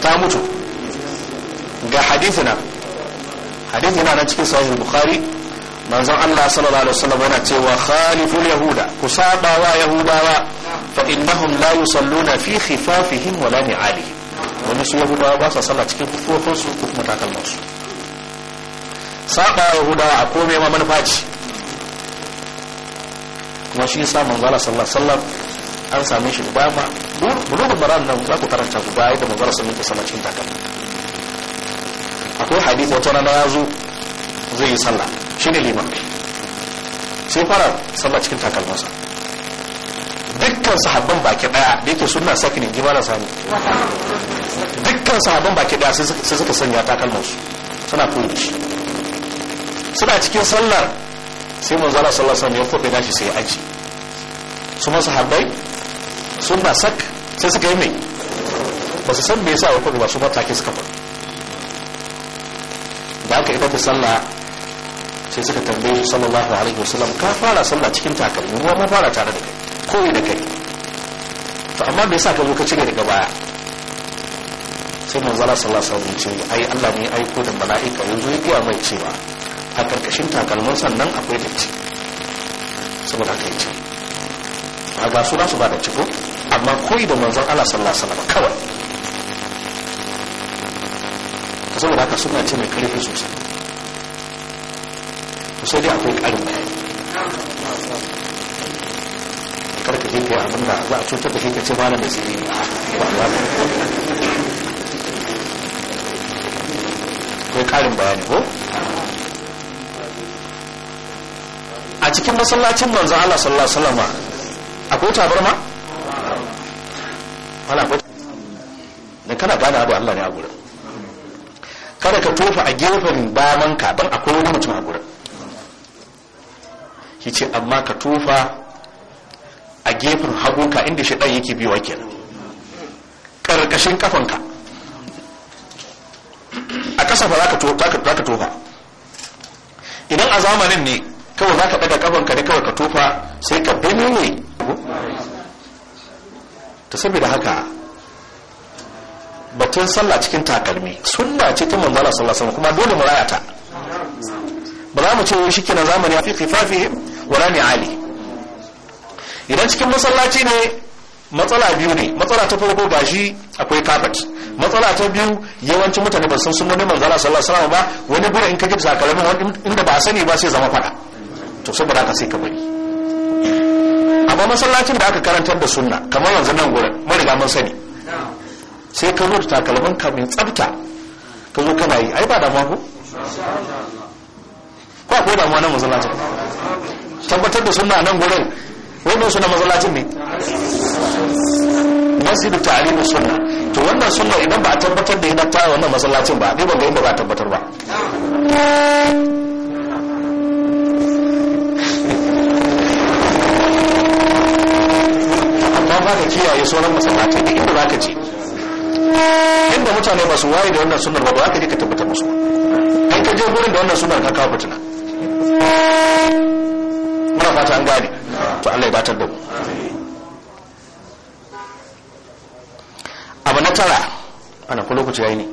ta mutu ga hadithina hadithina na cikin sahih bukhari manzan Allah sallallahu alaihi wasallam yana cewa khaliful yahuda ku saba wa yahudawa fa innahum la yusalluna fi khifafihim wa la ni'alihim wani su yahudawa ba sa sallah cikin kufofinsu ko kuma takalmansu saba yahudawa a kome ma manufa ce kuma shi yasa manzala sallallahu sallam an same shi ba ma bulugul maram nan za ku karanta ku bayi da manzala sallallahu alaihi cikin takalma akwai hadith wata rana ya zo zai yi sallah shine liman sai fara sallah cikin takalmansa dukkan sahabban baki daya da yake suna sakin in ji malam sani dukkan sahabban baki daya sai suka sanya takalman su suna koyi shi suna cikin sallar sai mun zara sallar sami ya kofi dashi sai aji su haɗai sun suna sak sai suka yi mai ba su san me yasa ya kofi ba su mataki take suka ba da aka ita ta sallah sai suka tambaye sallallahu alaihi wasallam ka fara sallah cikin takalmi ruwa ma fara tare da kai koyi da kai to amma bai sa ka zo ka cire daga baya sai manzala sallallahu alaihi mun ce ai Allah ne aiko da mala'ika yanzu ya kiya mai cewa a karkashin takalmin sannan akwai da ci saboda kai ci. a ga su nasu ba da ciko amma koyi da manzon Allah sallallahu alaihi wasallam kawai saboda haka suna ce mai karfi sosai to sai dai akwai karin bayani karka je kai abin da za a cutar da kai ka ce malam da ba ba ba kai karin bayani ko a cikin masallacin manzo Allah sallallahu alaihi wasallam akwai tabarma wala akwai da kana gana da Allah ne a gurin kada ka tofa a gefen daman ka dan akwai wani mutum a gurin ki ce amma ka tofa a gefen hagunka inda shaidan yake biyowa kenan ƙarƙashin kafanka a ƙasa fa za ka tofa idan a zamanin ne kawai za ka ɗaga kafanka ne kawai ka tofa sai ka ne ta saboda haka batun sallah cikin takalmi sunna ce ta manzala sallallahu kuma dole mu rayata ba za mu ce shi kina zamani ya fi khifafihim wala rami ali idan cikin masallaci ne matsala biyu ne matsala ta farko ba shi akwai kafet matsala ta biyu yawancin mutane ba san sunan manzala sallallahu alaihi wasallam ba wani gurin in ka jibsa kalamin wani inda ba sani ba sai zama fada to saboda ka sai ka bari amma masallacin da aka karantar da sunna kamar yanzu nan gurin mun riga mun sani sai ka rubuta kalamin takalmin ka mai tsafta ka zo kana yi ai ba damuwa ko ko akwai damuwa nan masallacin tabbatar da sunna nan gurin wannan suna masallacin ne masjidu ta'limu sunna to wannan sunna idan ba a tabbatar da yana ta wannan masallacin ba ne ban ga inda ba a tabbatar ba amma ba ka kiyaye sauran masallacin da inda za ka je inda mutane ba su waye da wannan sunnar ba ba ka je ka tabbatar musu an ka je gurin da wannan sunnar ka kawo fitina muna fata an gane to Allah ya batar da mu abu na tara ana ku lokaci yayi ne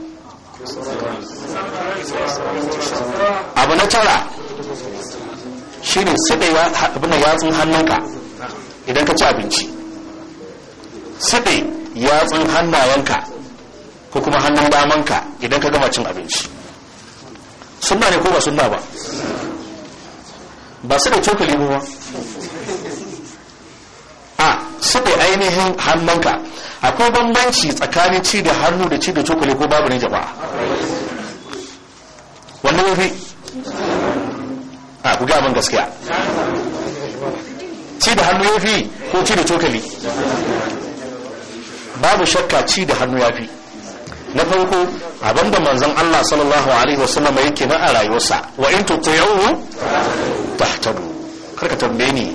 abu na tara shine sida ya abin da yatsun hannunka idan ka ci abinci sida yatsun hannayenka ko kuma hannun damanka idan ka gama cin abinci sunna ne ko ba sunna ba ba su da cokali ba a su da ainihin hannunka akwai bambanci tsakanin ci da hannu da ci da cokali ko babu ne jama'a wannan mafi a ku gaban gaskiya ci da hannu ya fi ko ci da cokali babu shakka ci da hannu ya fi na farko abinda manzan Allah sallallahu alaihi wasallam yake na a rayuwarsa wa in tuti'uhu tahtabu kar ka tambaye ni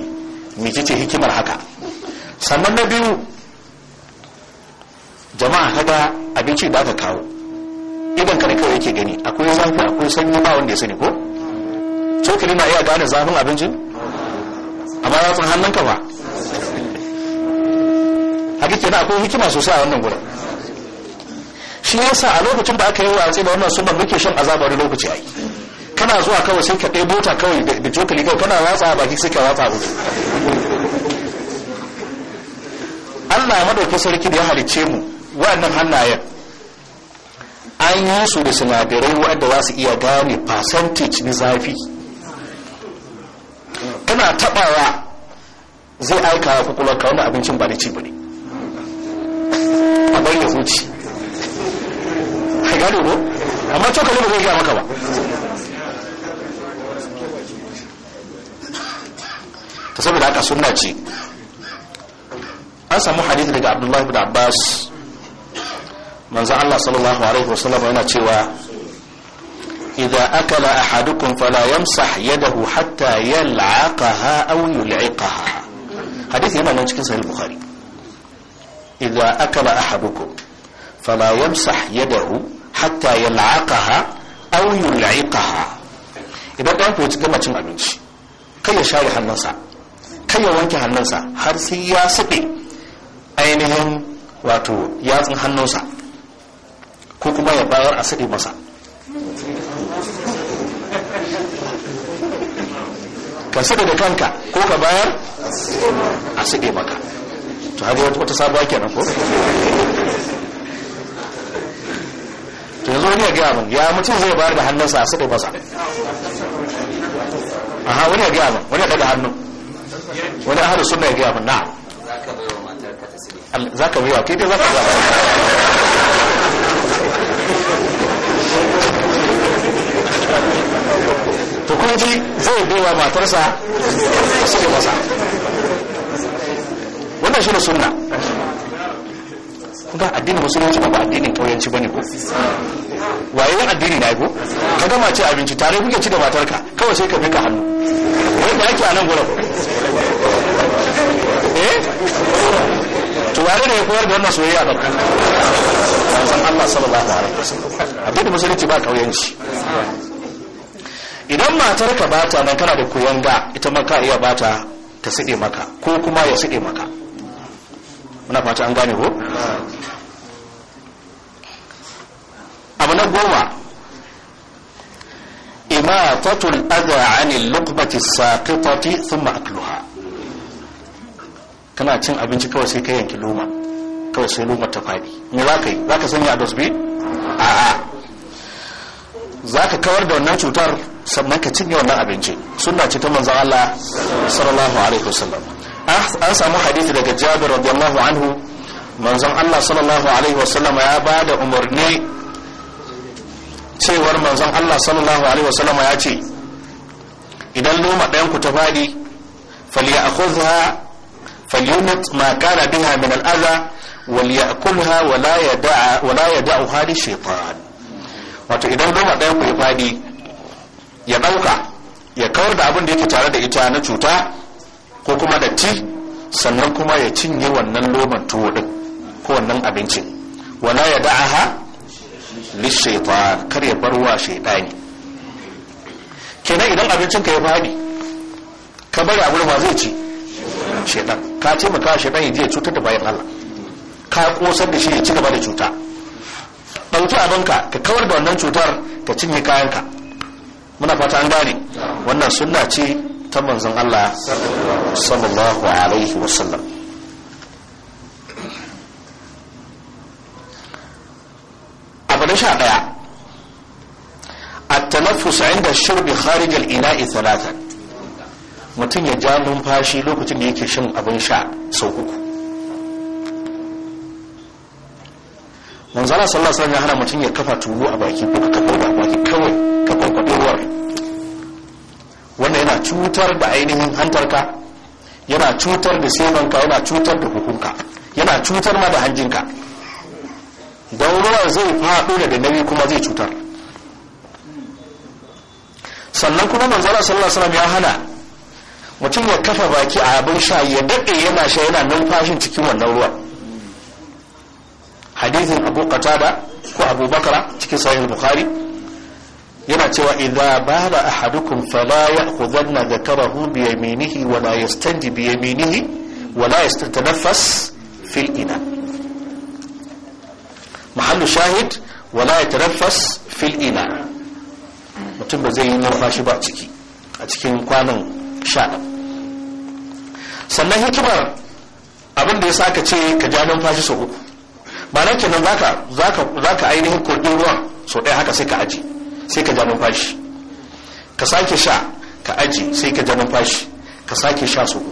mecece hikimar haka sannan na biyu jama'a kaga abinci da aka kawo idan ka kai yake gani akwai zafi akwai sanyi ba wanda ya sani ko cokali na iya gane zafin abincin amma yatsun hannun ka ba haka na akwai hikima sosai a wannan gurin shi yasa a lokacin da aka yi wa da wannan sunan muke shan azabar lokaci ai kana zuwa kawai sai ka bota kawai da cokali kawai kana watsa a baki sai ka watsa musu Allah madaukin sarki da ya halicce mu waɗannan hannayen an yi su da sinadarai waɗanda za su iya gane percentage na zafi kana taɓawa zai aika wa kawai wani abincin ba da ci bane a bari ya zuci a gane ko amma cokali ba zai gaya maka ba saboda haka sunna ce an samu hadith daga abdullahi bin abbas manzo Allah sallallahu alaihi wasallam yana cewa idza akala ahadukum fala yamsah yadahu hatta yal'aqaha aw yul'iqaha hadith yana nan cikin sahih bukhari idza akala ahadukum fala yamsah yadahu hatta yal'aqaha aw yul'iqaha idan dan ku ci gama cin abinci kai ya share hannunsa kai ya wanke hannunsa har sai ya suɓe ainihin wato yatsun hannunsa ko kuma ya bayar a suɗe masa ka suɗe da kanka ko ka bayar a suɗe maka to haka wata sabuwa kenan ko to yanzu wani ya gaya min ya mutum zai bayar da hannunsa a suɗe masa aha wani ya gaya min wani ya ɗaga hannun wani ahalus sunna ya gaya min na'am za ka biya kai dai za ka zaba to kun ji zai baiwa matarsa su ne masa wannan shi ne sunna kuma addinin musulunci ba addinin kauyanci bane ko waye yan addini na ko ka gama ce abinci tare kuke ci da matarka kawai sai ka ka hannu wai ake yake a nan gura ko eh to wani ne ya koyar da wannan soyayya ba manzon Allah sallallahu alaihi wasallam abin da musulunci ba kauyanci idan matar ka bata nan kana da koyon ga ita ma ka iya bata ta side maka ko kuma ya side maka muna fata an gane ko abu na goma إماتة الأذى عن الساقطة ثم أكلها kana cin abinci kawai sai ka yanki loma kawai sai loma ta faɗi me za za ka sanya a dosbe a'a za ka kawar da wannan cutar sannan ka cinye wannan abincin suna ce manzan Allah sallallahu alaihi wasallam an samu hadisi daga Jabir radiyallahu anhu manzon Allah ya ba da umarni cewar manzon Allah sallallahu alaihi wasallam ya ce idan loma ɗayan ku ta fadi falyakhudha falyumut ma kana biha min al-adha walyakulha wala yada'a wala yada'u shaytan wato idan loma ɗayan ku ya fadi ya kawar da abin da yake tare da ita na cuta ko datti sannan kuma ya cinye wannan tuwo lishaitan kar ya bar wa shaitani kenan idan abincin ka ya fadi ka bari abu ma zai ci shaitan ka ce maka shaitan ya je cutar da bayan Allah ka kosar da shi ya ci gaba da cuta ɗauki abinka ka kawar da wannan cutar ka cinye ka muna fata an gane wannan sunna ce ta manzon Allah sallallahu alaihi wasallam na sha ɗaya a tanaffus inda shurbi kharijal ina talatan mutum ya ja numfashi lokacin da yake shan abin sha sau uku manzana sallallahu alaihi ya hana mutum ya kafa tuwo a baki ko ka kafa a baki kawai ka kwakwado ruwan wanda yana cutar da ainihin hantarka yana cutar da semanka yana cutar da hukunka yana cutar ma da hanjinka don zai faɗo daga nauyi kuma zai cutar sannan kuma manzala sallallahu alaihi ya hana mutum ya kafa baki a abin sha ya daɗe yana sha yana numfashin cikin wannan ruwa hadithin abu qatada ko abu bakara cikin sahih bukhari yana cewa idza bada ahadukum fala ya'khudanna dhakarahu bi yaminihi wa la yastanji bi yaminihi wa la yastanafas fil ina mahallu shahid wala ya taraffas fil ina mutum ba zai yi numfashi ba ciki a cikin kwanan sha sannan hikimar abin da ya sa ka ce ka ja numfashi sau uku ba nan kenan za ka ainihin kurdin ruwan sau ɗaya haka sai ka aji sai ka ja numfashi ka sake sha ka aji sai ka ja numfashi ka sake sha sau uku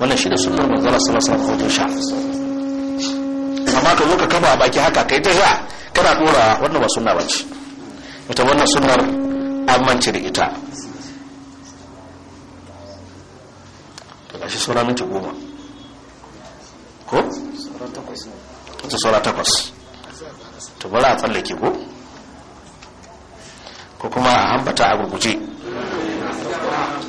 wannan shi da sunan manzara sallallahu alaihi wasallam sha amma ka zo ka kafa a baki haka kai ta ya kana dora wannan ba sunna bace ita wannan sunnar an mance da ita to shi sura minti goma ko ta saura takwas ta bari a tsallake ko ko kuma a hambata a gurguje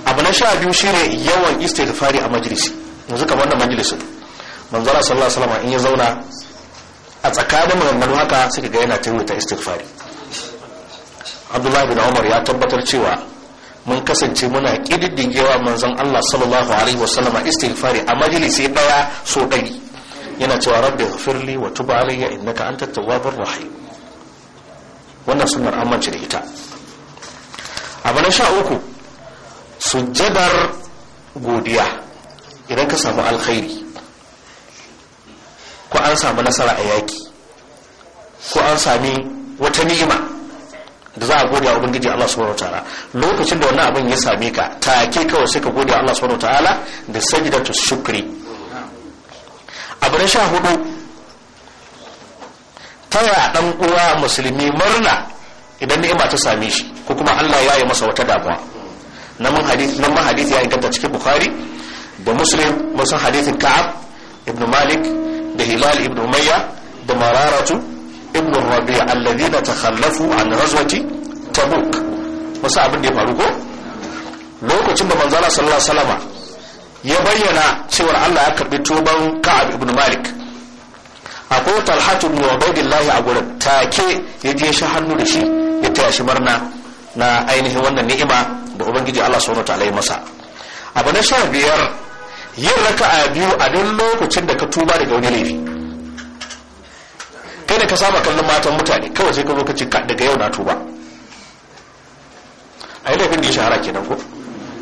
abu na sha biyu shine yawan istighfari a majalisi yanzu kamar wannan majalisin manzara sallallahu alaihi wasallam in ya zauna a tsakanin maganganu haka suka ga yana ta istighfari abdullahi bin umar ya tabbatar cewa mun kasance muna kididdigewa manzon Allah sallallahu alaihi wasallam istighfari a majalisi ɗaya so dari yana cewa rabbi Firli wa tub alayya innaka antat tawwabur rahim wannan sunnar amince da ita abu na sha uku sujjadar godiya idan ka samu alkhairi ko an samu nasara a yaki ko an sami wata ni'ima da za a gode wa ubangiji Allah subhanahu wataala lokacin da wannan abin ya same ka take kawai sai ka gode wa Allah subhanahu wataala da sajdatu shukri abu na sha hudu taya dan uwa musulmi murna idan ni'ima ta same shi ko kuma Allah ya yi masa wata damuwa nan mun hadith ya inganta cikin bukhari da muslim musan hadisin ka'ab ibn malik da hilal ibn umayya da mararatu ibn rabi'a alladhina takhallafu an ghazwati tabuk musa abin da ya faru ko lokacin da manzala sallallahu alaihi wasallam ya bayyana cewa Allah ya karbi tuban ka'ab ibn malik akwai talhatu ibn ubaydillah a gurin take ya je shi hannu da shi ya taya shi murna na ainihin wannan ni'ima da ubangiji Allah subhanahu wa ta'ala masa abu na sha biyar yin a biyu a duk lokacin da ka tuba daga wani laifi kai da ka saba kallon matan mutane kawai sai ka zo ka daga yau na tuba a yi laifin da ya shahara kenan ko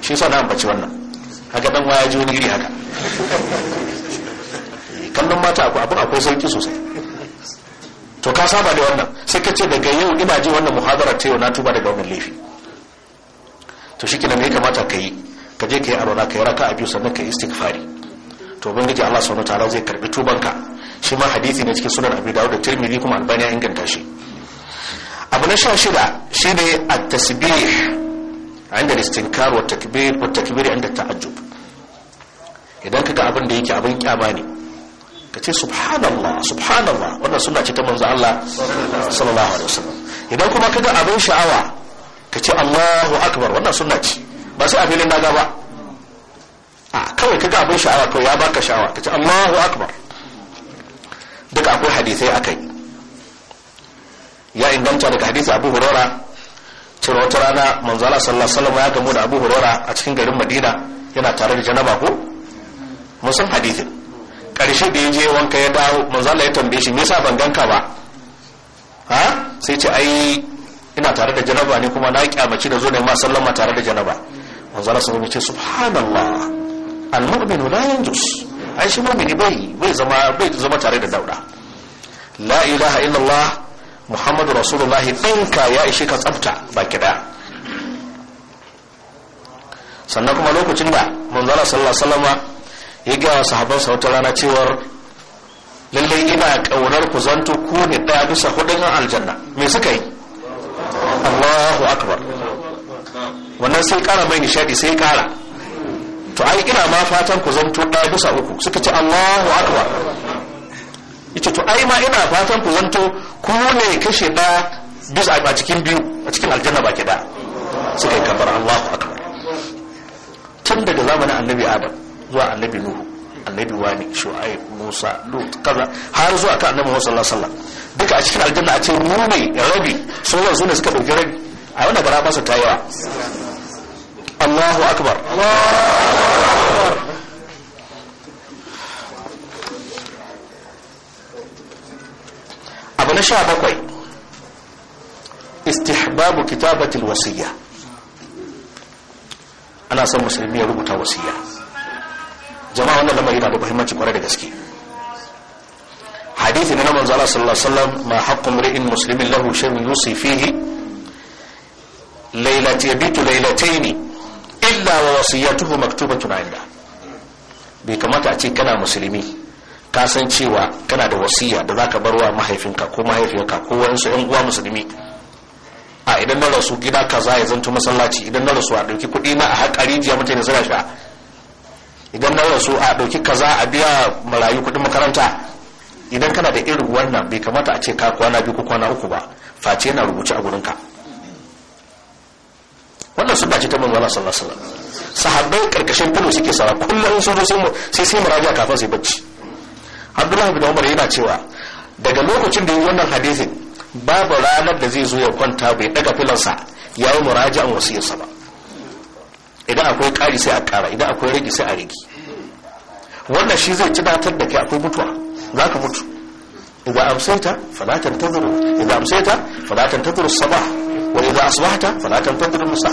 shi sa na ambaci wannan haka dan waya ji wani iri haka eh, kallon mata akwai abin akwai sauki sosai to ka saba da wannan sai ka ce daga yau ina ji wannan muhadara ta yau na tuba daga wannan laifi to shi kina me kamata ka yi ka je ka yi alwala ka yi raka a biyu sannan ka yi istighfari to ubangiji Allah subhanahu ta'ala zai karbi tubanka shi ma hadisi ne cikin sunan Abi Dawud da Tirmidhi kuma Albani ya inganta shi abu na sha shida shine at-tasbih inda istinkar wa takbir wa takbir inda ta'ajjub idan kaga abin da yake abin kyama ne ka ce subhanallah subhanallah wannan suna ce ta manzo Allah sallallahu alaihi wasallam idan kuma kaga abin sha'awa ka ce Allahu akbar wannan suna ce ba sai a filin daga ba a kawai kaga abin sha'awa to ya baka sha'awa kace Allahu akbar duk akwai hadisai akai ya inganta daga hadisi Abu Hurairah cewa wata rana manzo Allah sallallahu alaihi wasallam ya gamu da Abu Hurairah a cikin garin Madina yana tare da janaba ko mun san hadisin karshe da ya je wanka ya dawo manzo Allah ya tambaye shi me yasa ban ganka ba ha sai ce ai ina tare da janaba ne kuma na kyamaci da zo ne ma sallama tare da janaba manzala sun ce subhanallah al-mu'minu la yanjus ai shi mu'mini bai bai zama bai zama tare da dauda la ilaha illallah muhammadu rasulullah ɗinka ya ishe ka tsafta baki daya sannan kuma lokacin da manzara sallallahu alaihi wasallama ya ga sahabban sa wata rana cewar lallai ina kaunar ku zanto ku ne daya bisa hudun aljanna me suka yi Allahu akbar wannan sai kara mai nishadi sai kara to ai ina ma fatan ku zanto ɗaya bisa uku suka ce allahu akbar ita to ai ma ina fatan ku zanto ku ne kashe da bisa a cikin biyu a cikin aljanna baki da suka yi kabar allahu akbar tun daga zamanin annabi adam zuwa annabi nuhu annabi wani shu'aib musa lut kaza har zuwa kan annabi muhammad sallallahu alaihi wasallam duka a cikin aljanna a ce mu ne rabi sun zo ne suka dauki rabi a wannan bara ba su tayawa Allahu akbar abu na sha bakwai istihbabu kitabatil wasiya ana son musulmi ya rubuta wasiyya. jama'a wannan lamari yana da muhimmanci kwarai da gaske hadisi na manzo Allah sallallahu alaihi wasallam ma haqqu illa wa wasiyatuhu maktubatun inda bai kamata a ce kana musulmi ka san cewa kana da wasiya da zaka bar wa mahaifinka ko mahaifiyarka ko wasu yan uwa musulmi a idan na rasu gida kaza ya zanto masallaci idan na rasu a dauki kuɗi na a haƙa rijiya mutane suna sha idan na rasu a dauki kaza a biya marayu kuɗin makaranta idan kana da irin wannan bai kamata a ce ka kwana biyu ko kwana uku ba face yana rubuce a gurinka wannan sunna ce ta manzo Allah sallallahu alaihi wasallam sahabbai karkashin fulo suke sara in sun zo sai sai muraja kafin sai bacci Abdullahi bin Umar yana cewa daga lokacin da yi wannan hadisin babu ranar da zai zo ya kwanta bai daga filansa ya yi wasu wasiyarsa ba idan akwai ƙari sai a ƙara idan akwai rage sai a rage wannan shi zai tunatar da kai akwai mutuwa za ka mutu idan amsaita falatan tazuru idan amsaita falatan tazuru sabah wa idza asbahta fala tantadir musa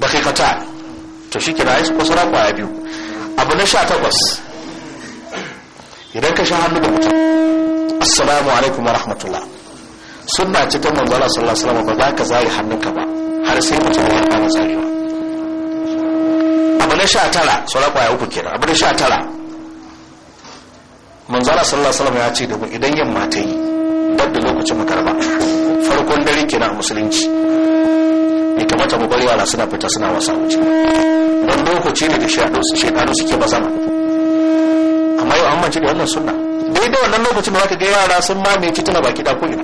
daqiqatan to shi kira ya kusa kwaya biyu abu na sha takwas idan ka sha hannu da mutum assalamu alaikum wa rahmatullah sunna ce ta manzala sallallahu alaihi wasallam ba za ka zari hannunka ba har sai mutum ya kama zarewa abu na sha tara sauran kwaya uku kenan abu na sha tara manzala sallallahu alaihi wasallam ya ce da idan yamma ta yi dab da lokacin makarba farkon dare kenan a musulunci ne kamata ta bari wala suna fita suna wasa wuce don lokaci ne da shekaru suke ba zama amma yau an mace da wannan sunna daidai wannan lokacin da zaka ga yara sun ci tituna baki da kullum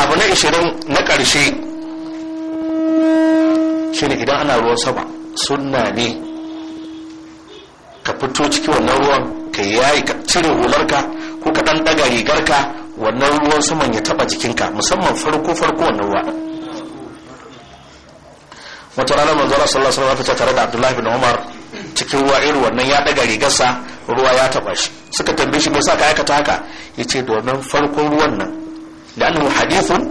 abu na ishirin na ƙarshe shine idan ana ruwan sama sunna ne ka fito cikin wannan ruwan ka yayi ka cire hularka ko ka dan daga rigarka wannan ruwan saman ya taba jikinka musamman farko farko wannan ruwa wata rana manzo Allah sallallahu alaihi wasallam ta tare da Abdullahi bin Umar cikin ruwa iri wannan ya daga rigarsa ruwa ya taba shi suka tambaye shi me yasa ka aikata haka yace domin farkon ruwan nan da annu hadithun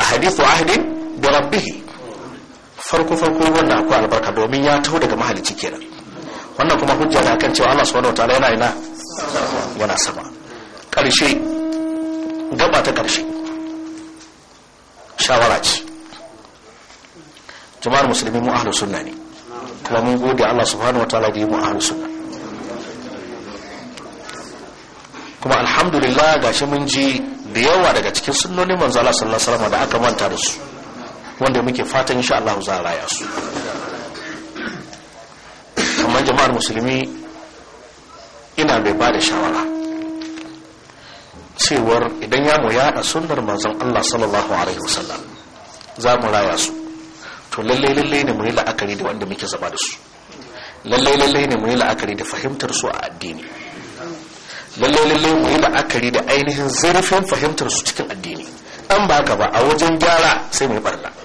hadithu ahdin da rabbihi farko farko ruwan da akwai albarka domin ya taho daga mahalicci kenan wannan kuma hujja ne akan cewa Allah subhanahu wataala yana ina wana sama karshe gaba ta karshe shawara ce jama'ar musulmi mu ahlus sunna ne kuma mun gode Allah subhanahu wataala da mu ahlus sunna kuma alhamdulillah gashi mun ji da yawa daga cikin sunnoni manzo Allah sallallahu alaihi wasallam da aka manta da su wanda muke fatan insha Allah za a raya su kamar jama'ar musulmi ina bai ba da shawara cewar idan ya mu yaɗa sunnar manzon Allah sallallahu alaihi wasallam za mu raya su to lallai lallai ne mu yi la'akari da wanda muke zama da su lallai lallai ne mu yi la'akari da fahimtar su a addini lallai lallai mu yi la'akari da ainihin zarafin fahimtar su cikin addini dan ba ka ba a wajen gyara sai mu yi barna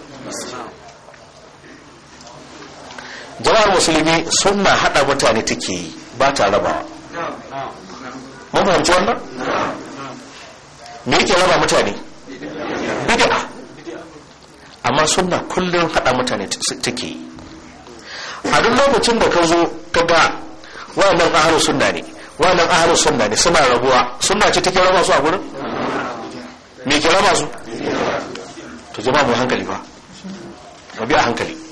jama'ar musulmi na hada mutane take yi ba ta raba mun fahimci wannan me yake raba mutane bid'a amma sun na kullum hada mutane take yi a duk lokacin da ka zo ka ga wannan sun sunna ne wannan sun sunna ne suna rabuwa sunna ce take raba su a gurin me ke raba su to jama'a mu hankali ba mu bi a hankali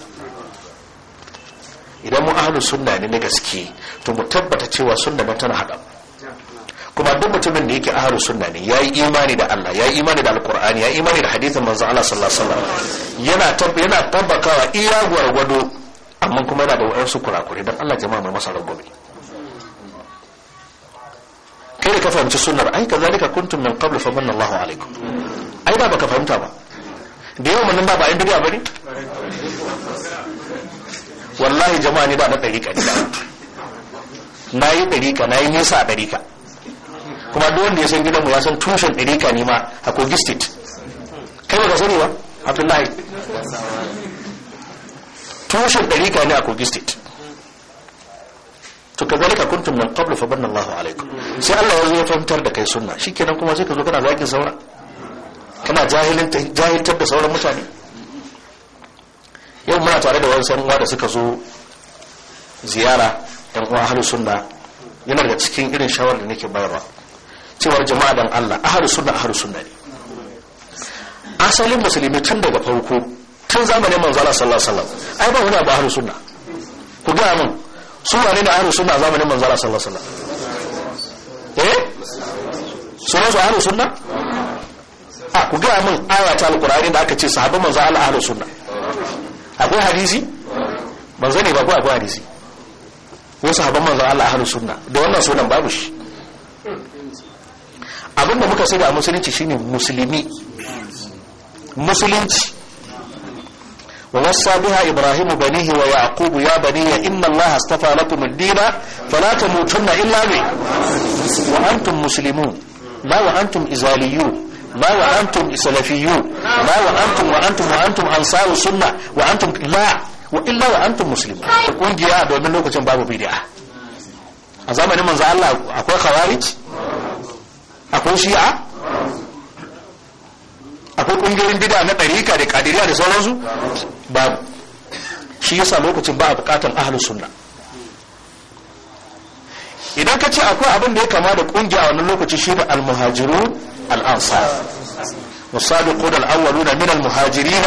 idan mu ahlu sunna ne na gaske to mu tabbata cewa sunna ba tana hada kuma duk mutumin da yake ahlu sunna ne yayi imani da Allah yayi imani da alqur'ani yayi imani da hadisin manzo Allah sallallahu alaihi wasallam yana tabba yana tabbakawa iya gwargwado amma kuma yana da wayansu kurakure dan Allah jama'a mai masa ragobe kai da ka fahimci sunnar ai kazalika kuntum min qabl fa manallahu Allahu alaikum ai da baka fahimta ba da yau nan ba ba in ba ne. wallahi jama'a ne ba na ɗarika ne na yi ɗarika na yi nisa a ɗarika kuma duk wanda ya san gidanmu ya san tushen ɗarika ne ma a kogi state kai ba ka sani ba abdullahi tushen ɗarika ne a kogi state to ka zalika kuntum min qablu fa banna Allahu alaikum sai Allah ya zo fahimtar da kai sunna shikenan kuma sai ka zo kana zakin saura kana jahilin jahiltar da sauran mutane yau muna tare da wani sanuwa da suka zo ziyara yan uwa ahlus sunna yana daga cikin irin shawarar da nake bayarwa cewar jama'a dan Allah ahlus sunna ahlus sunna ne asalin musulmi tun daga farko tun zamanin manzo Allah sallallahu alaihi wasallam ai ba wani abu ahlus sunna ku ga mun su wane ne ahlus sunna zamanin manzo Allah sallallahu alaihi wasallam eh su ahlus sunna a ku ga mun aya ta alqur'ani da aka ce sahabban manzo Allah ahlus sunna akwai hadisi ban zane ba ko akwai hadisi wasu haban manzan Allah ahlus sunna da wannan sunan babu shi abinda muka sai da musulunci shine musulmi musulunci wa wasa biha ibrahimu banihi wa yaqubu ya baniya inna allaha astafa lakum ad-dina fala tamutunna illa bi ما وأنتم سلفيون ما وأنتم وأنتم وأنتم أنصار السنة وأنتم لا وإلا وأنتم مسلمون تكون جياء دومين لوكتين بابو بيدعة أزامن من زعل الله أكوي خوارج أكوي Allah akwai kungiyoyin bida na ɗarika da kadiriya da sauransu babu shi yasa lokacin ba a ahalin sunna idan ka ce akwai abin da ya kama da kungiya a wannan lokaci shi al almuhajiru al'ansar wasabiqun al na min al-muhajirin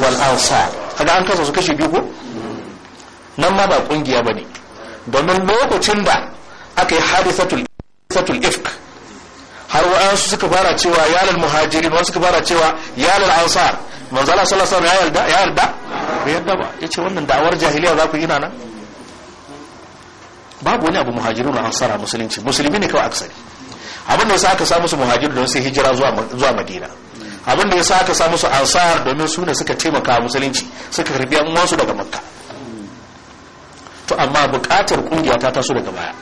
wal ansar kaga an kasa su kashi biyu ko nan ma ba kungiya bane domin lokacin da aka yi hadisatul hadisatul ifk har wa'ansu suka fara cewa muhajirin wasu suka fara cewa ansar manzala sallallahu alaihi wasallam ya yarda bai yarda ba wannan da'awar jahiliya za ku yi nan babu wani abu muhajirun ansar a musulunci musulmi ne kawai aksari abin da ya sa aka sa musu muhajir don sai hijira zuwa madina abin da ya sa aka sa musu ansar domin su ne suka taimaka musulunci suka karbi yan daga makka to amma bukatar kungiya ta taso daga baya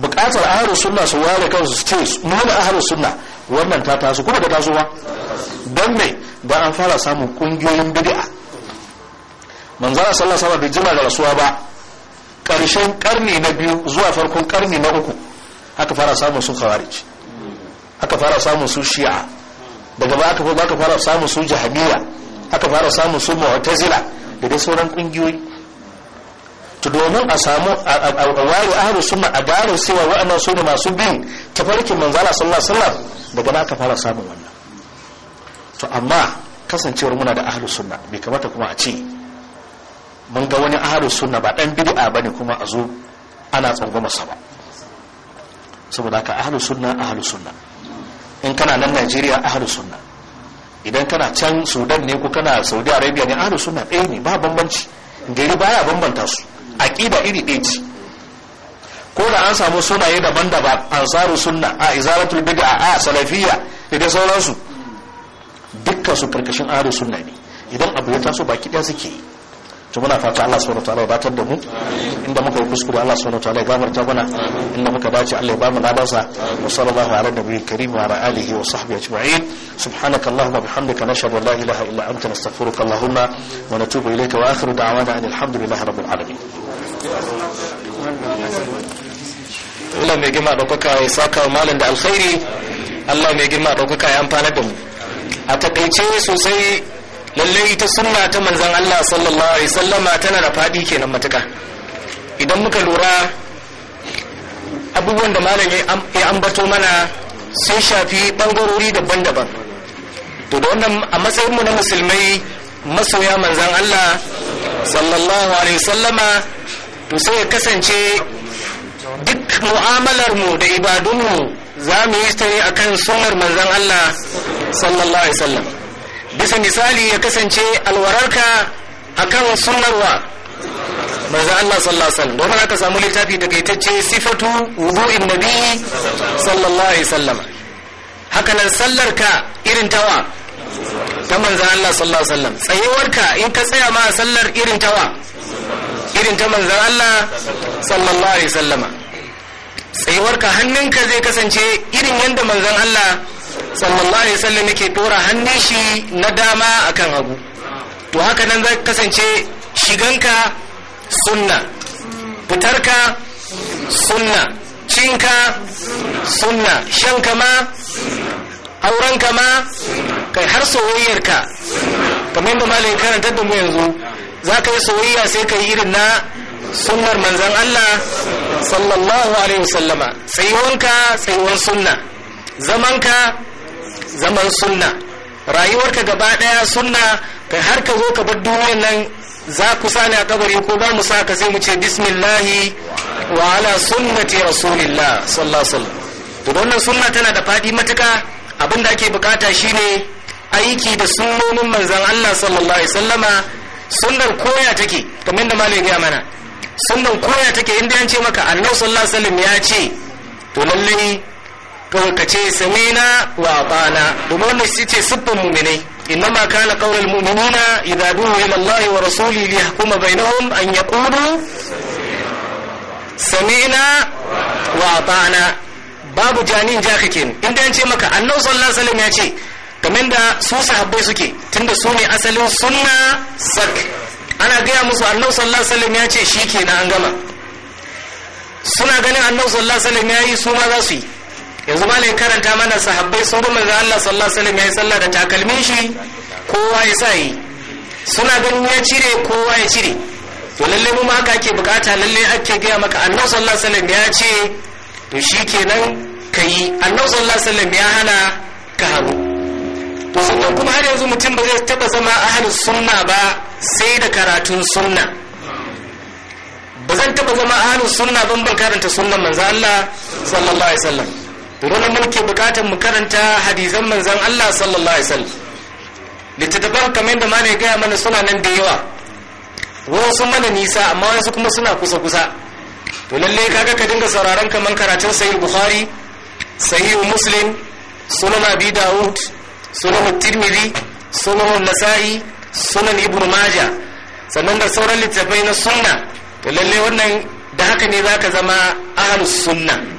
bukatar ahlus sunna su ware kansu su ce nuna ahlus sunna wannan ta taso kuma da taso don me da an fara samun kungiyoyin bid'a manzara sallallahu alaihi wasallam bai jima da rasuwa ba karshen karni na biyu zuwa farkon karni na uku aka fara samun su khawarij aka fara samun su shi'a daga ba aka fara samun su jahmiya aka fara samun su mu'tazila da dai sauran kungiyoyi to domin a samu a wayo ahlus sunna a gare cewa wa'annan su ne masu bin tafarkin manzala sallallahu alaihi wasallam daga ba aka fara samun wannan to amma kasancewar muna da ahlus sunna bai kamata kuma a ce mun ga wani ahlus sunna ba dan bid'a bane kuma a zo ana tsangwama sa ba saboda ka ahlu sunna ahlu sunna in kana nan Najeriya ahlu sunna idan kana can Sudan ne ko kana Saudi Arabia ne ahlu sunna ɗaya ne ba bambanci gari baya bambanta su aqida iri ɗaya ce ko da an samu sunaye daban-daban ansaru sunna a izaratul bid'a a salafiyya da sauransu dukkan su karkashin ahlu sunna ne idan abu ya taso baki ɗaya suke yi to muna fata Allah subhanahu wataala ya datar da mu inda muka yi kuskure Allah subhanahu wataala ya gafarta mana inda muka dace Allah ya bamu ladansa wa sallallahu ala nabiyil karim wa ala alihi wa sahbihi ajma'in subhanaka allahumma bihamdika nashhadu an la ilaha illa anta nastaghfiruka allahumma wa natubu ilayka wa akhiru da'wana anil hamdulillahi rabbil alamin Allah mai girma ɗaukaka ya saka malam da alkhairi Allah mai girma ɗaukaka ya amfana da mu a takaice sosai lalle ita sunna ta manzan Allah sallallahu alaihi sallama tana da fadi kenan matuƙa idan muka lura abubuwan da malami ya ambato mana sun shafi bangarori daban-daban to da wannan a matsayinmu na musulmai masoya manzan Allah sallallahu alaihi sallama to sai ya kasance duk mu'amalarmu da ibadunmu za mu yi ta ne akan sunnar manzan Allah sallallahu alaihi sallam bisa misali ya kasance alwararka a kan sunarwa manzo Allah sallallahu alaihi wasallam don samu littafi da ce sifatu wudu'in nabi sallallahu alaihi wasallam hakanan nan sallarka irin tawa ta manzo Allah sallallahu alaihi wasallam tsayewarka in ka tsaya ma sallar irin tawa irin ta manzo Allah sallallahu alaihi wasallam tsayuwarka hannunka zai kasance irin yadda manzan Allah sallallahu alaihi wasallam yake ɗora hannun shi na dama akan hagu to haka nan zai kasance shiganka sunna fitarka sunna cinka sunna shanka ma aurenka ma kai har soyayyarka kamar da malayin karanta da mu yanzu za ka yi soyayya sai ka yi irin na sunnar manzan Allah sallallahu alaihi wasallama tsayuwanka tsayuwan sunna zamanka zaman sunna rayuwarka gaba daya sunna kai har ka zo ka bar duniyar nan za ku sani a kabari ko ba mu sa ka sai mu ce bismillahi wa ala sunnati rasulillah sallallahu alaihi wasallam to wannan sunna tana da fadi matuka abinda ake bukata shine aiki da sunnonin manzon Allah sallallahu alaihi wasallama sunnar koya take kamar da malamin ya mana Sunnan koya take inda an ce maka annabi sallallahu alaihi wasallam ya ce to lallai kawai ka ce samina wa bana domin wannan shi ce siffin muminai إنما كان قول المؤمنين إذا دعوا إلى الله ورسوله ليحكم بينهم أن يقولوا wa وأطعنا babu janin jakikin inda an maka annabi sallallahu alaihi wasallam ya ce kamar da su sahabbai suke tunda su ne asalin sunna sak ana gaya musu annabi sallallahu alaihi wasallam ya ce shikenan an gama suna ganin annabi sallallahu alaihi wasallam ya yi su ma za su yi yanzu ne karanta mana sahabbai sun bi manzo Allah sallallahu alaihi wasallam yayi sallah da takalmin shi kowa ya sa yi suna ganin ya cire kowa ya cire to lalle mu haka ake bukata lalle ake gaya maka annabi sallallahu alaihi wasallam ya ce to shikenan kai annabi sallallahu alaihi wasallam ya hana ka hagu to sannan kuma har yanzu mutum ba zai taba zama ahlus sunna ba sai da karatun sunna ba zan taba zama ahlus sunna ban ban karanta sunnan manzo Allah sallallahu alaihi wasallam wurin mulki bukatar mu karanta hadisan manzan Allah sallallahu alaihi wasallam littattafan kamar da ne gaya mana suna nan da yawa wasu mana nisa amma wasu kuma suna kusa kusa to lalle kaga ka dinga sauraron kamar karatun sahih bukhari sahih muslim sunan abi daud sunan tirmidhi sunan nasa'i sunan ibn maja sannan da sauran littattafai na sunna to lalle wannan da haka ne zaka zama ahlus sunna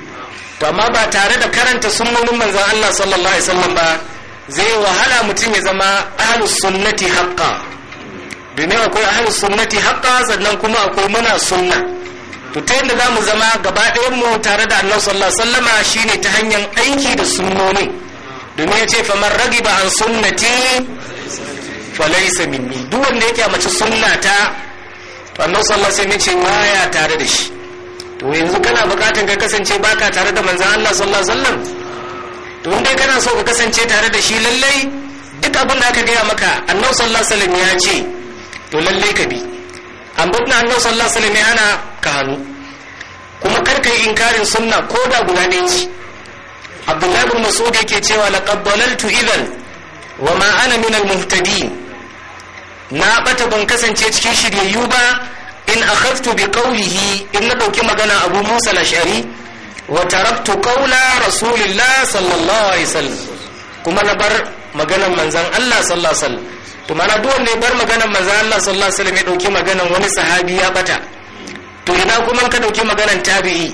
to amma ba tare da karanta sunnonin manzon Allah sallallahu alaihi wasallam ba zai wahala mutum ya zama ahlus sunnati haqqan domin akwai ahlus sunnati haqqan sannan kuma akwai muna sunna to ta yadda zamu zama gaba ɗayan mu tare da Allah sallallahu alaihi wasallama shine ta hanyar aiki da sunnoni domin ya ce man ragiba an sunnati laysa minni duk wanda yake a mace sunnata to Allah sallallahu alaihi wasallam ya ce waya tare da shi to yanzu kana bukatan ka kasance baka tare da manzan Allah sallallahu alaihi wasallam to wanda kana so ka kasance tare da shi lallai duk abin da aka gaya maka annabi sallallahu alaihi wasallam ya ce to lallai ka bi amma ibn annabi sallallahu alaihi wasallam ya ka hannu kuma kar ka yi inkarin sunna ko da guda ɗaya ce abdullahi ibn mas'ud yake cewa laqad dalaltu idan wa ma ana min al-muhtadin na bata ban kasance cikin shiryayyu ba in akhadtu bi qawlihi in na dauki magana abu musa al-ash'ari wa taraktu qawla rasulillah sallallahu alaihi wasallam kuma na bar maganan manzon Allah sallallahu alaihi wasallam to mana duk wanda bar maganan manzon Allah sallallahu alaihi wasallam ya dauki maganan wani sahabi ya bata to ina kuma ka dauki maganan tabi'i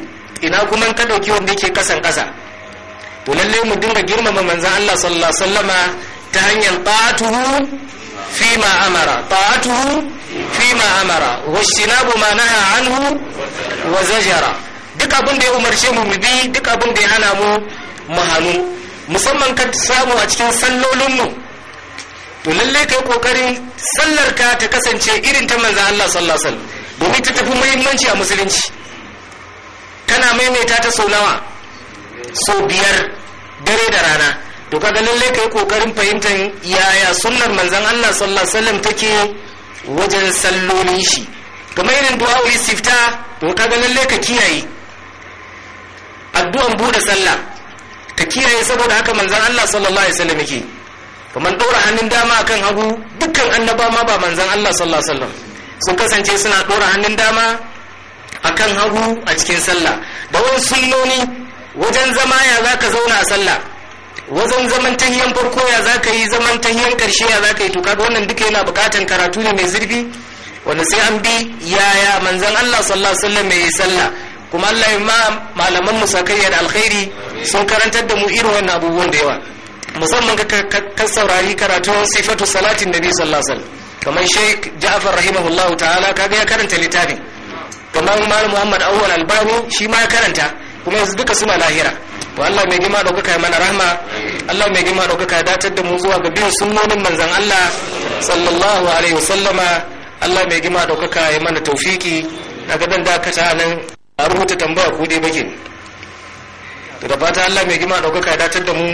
ina kuma ka dauki wanda yake kasan kasa to lalle mu dinga girmama manzon Allah sallallahu alaihi wasallama ta hanyar ta'atuhu فيما أمر طاعته فيما أمر واجتناب ما نهى عنه وزجر duk abin da ya umarce mu mu bi duk abin da ya hana mu mu hannu musamman ka samu a cikin sallolinmu to lalle kai kokarin sallar ka ta kasance irin ta manzo Allah sallallahu alaihi wasallam domin ta tafi muhimmanci a musulunci kana maimaita ta sau nawa sau biyar dare da rana to kaga lalle kai kokarin fahimtar yaya sunnar manzon Allah sallallahu alaihi wasallam take wajen sallolin shi kamar irin du'a istifta to kaga lalle ka kiyaye addu'an bude sallah ka kiyaye saboda haka manzon Allah sallallahu alaihi wasallam yake kamar dora hannun dama akan hagu dukkan annaba ma ba manzon Allah sallallahu alaihi wasallam sun kasance suna dora hannun dama akan hagu a cikin sallah da wani sunnoni wajen zama ya zaka zauna a sallah wajen zaman tahiyan farko ya za ka yi zaman tahiyan karshe ya za ka yi to kaga wannan duka yana bukatan karatu ne mai zurfi wanda sai an bi yaya manzon Allah sallallahu alaihi wasallam mai sallah kuma Allah ya ma malaman mu sakayya da alkhairi sun karantar da mu irin wannan abubuwan da yawa musamman ka ka saurari karatu sifatu salatin nabi sallallahu alaihi wasallam kamar Sheikh Ja'far rahimahullah ta'ala kaga ya karanta littafin kamar Malam Muhammad Awwal Albani shi ma ya karanta kuma yanzu duka suna lahira wa Allah mai girma ɗaukaka ya mana rahma Allah mai girma ɗaukaka ya datar da mu zuwa ga sun sunnonin manzan Allah sallallahu alaihi wasallama Allah mai girma ɗaukaka ya mana taufiki a gaban dakata nan a rubuta tambaya ko dai baki to da fata Allah mai girma ɗaukaka ya datar da mu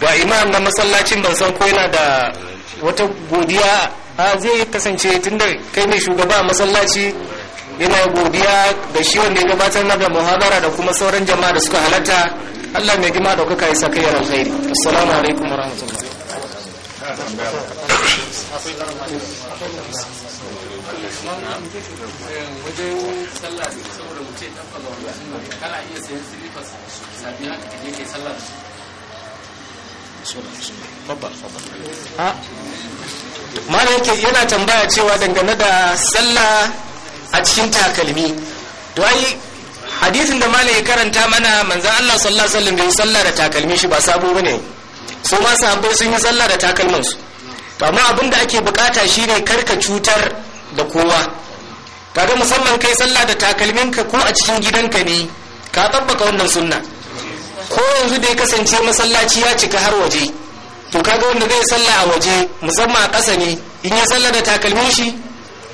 ga imam na masallacin ban san ko yana da wata godiya a zai kasance tunda kai mai shugaba masallaci yana godiya da shi wanda ya gabatar na da muhabara da kuma sauran jama'a da suka halatta Allah mai gima daukaka ya saka yaran alkhairi assalamu alaikum warahmatullahi mana yake yana tambaya cewa dangane da sallah a cikin takalmi do ai hadisin da malai karanta mana manzan Allah sallallahu alaihi wasallam bai sallah da takalmin shi ba sabo bane su ma sahabbai sun yi sallah da takalmin su to amma abin da ake bukata shine karka cutar da kowa kaga musamman kai sallah da takalmin ka ko a cikin gidanka ne ka tabbaka wannan sunna ko yanzu da ya kasance masallaci ya cika har waje to kaga wanda zai sallah a waje musamman a ƙasa ne in ya sallah da takalmin shi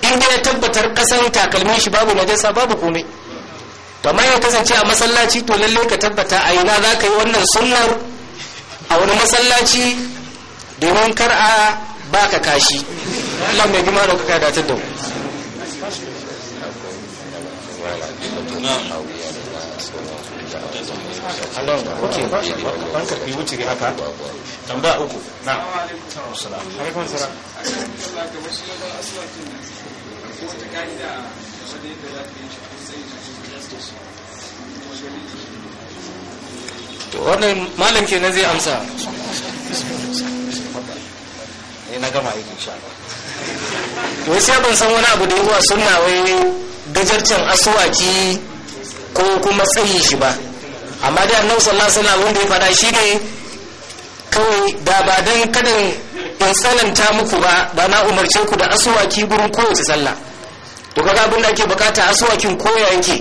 in ya tabbatar ƙasan takalmin shi babu majalisa babu komai to amma ya kasance a masallaci to lalle ka tabbata a ina za ka yi wannan sunnar a wani masallaci domin kar a baka kashi Allah mai gima da kuka datar da mu Allah ok ban karfi wuce ga haka tamba uku na wannan malam ke zai amsa ne eh, na gama aikin sha wai sai ban san wani abu da yawa suna wai gajarcin asuwaki ko kuma tsayi shi ba amma da annabi sallallahu alaihi wanda ya fada shi ne kawai da ba dan kada in tsananta muku ba ba na umarce ku da asuwaki gurin kowace sallah to kaga abin da ake bukata asuwakin ko yake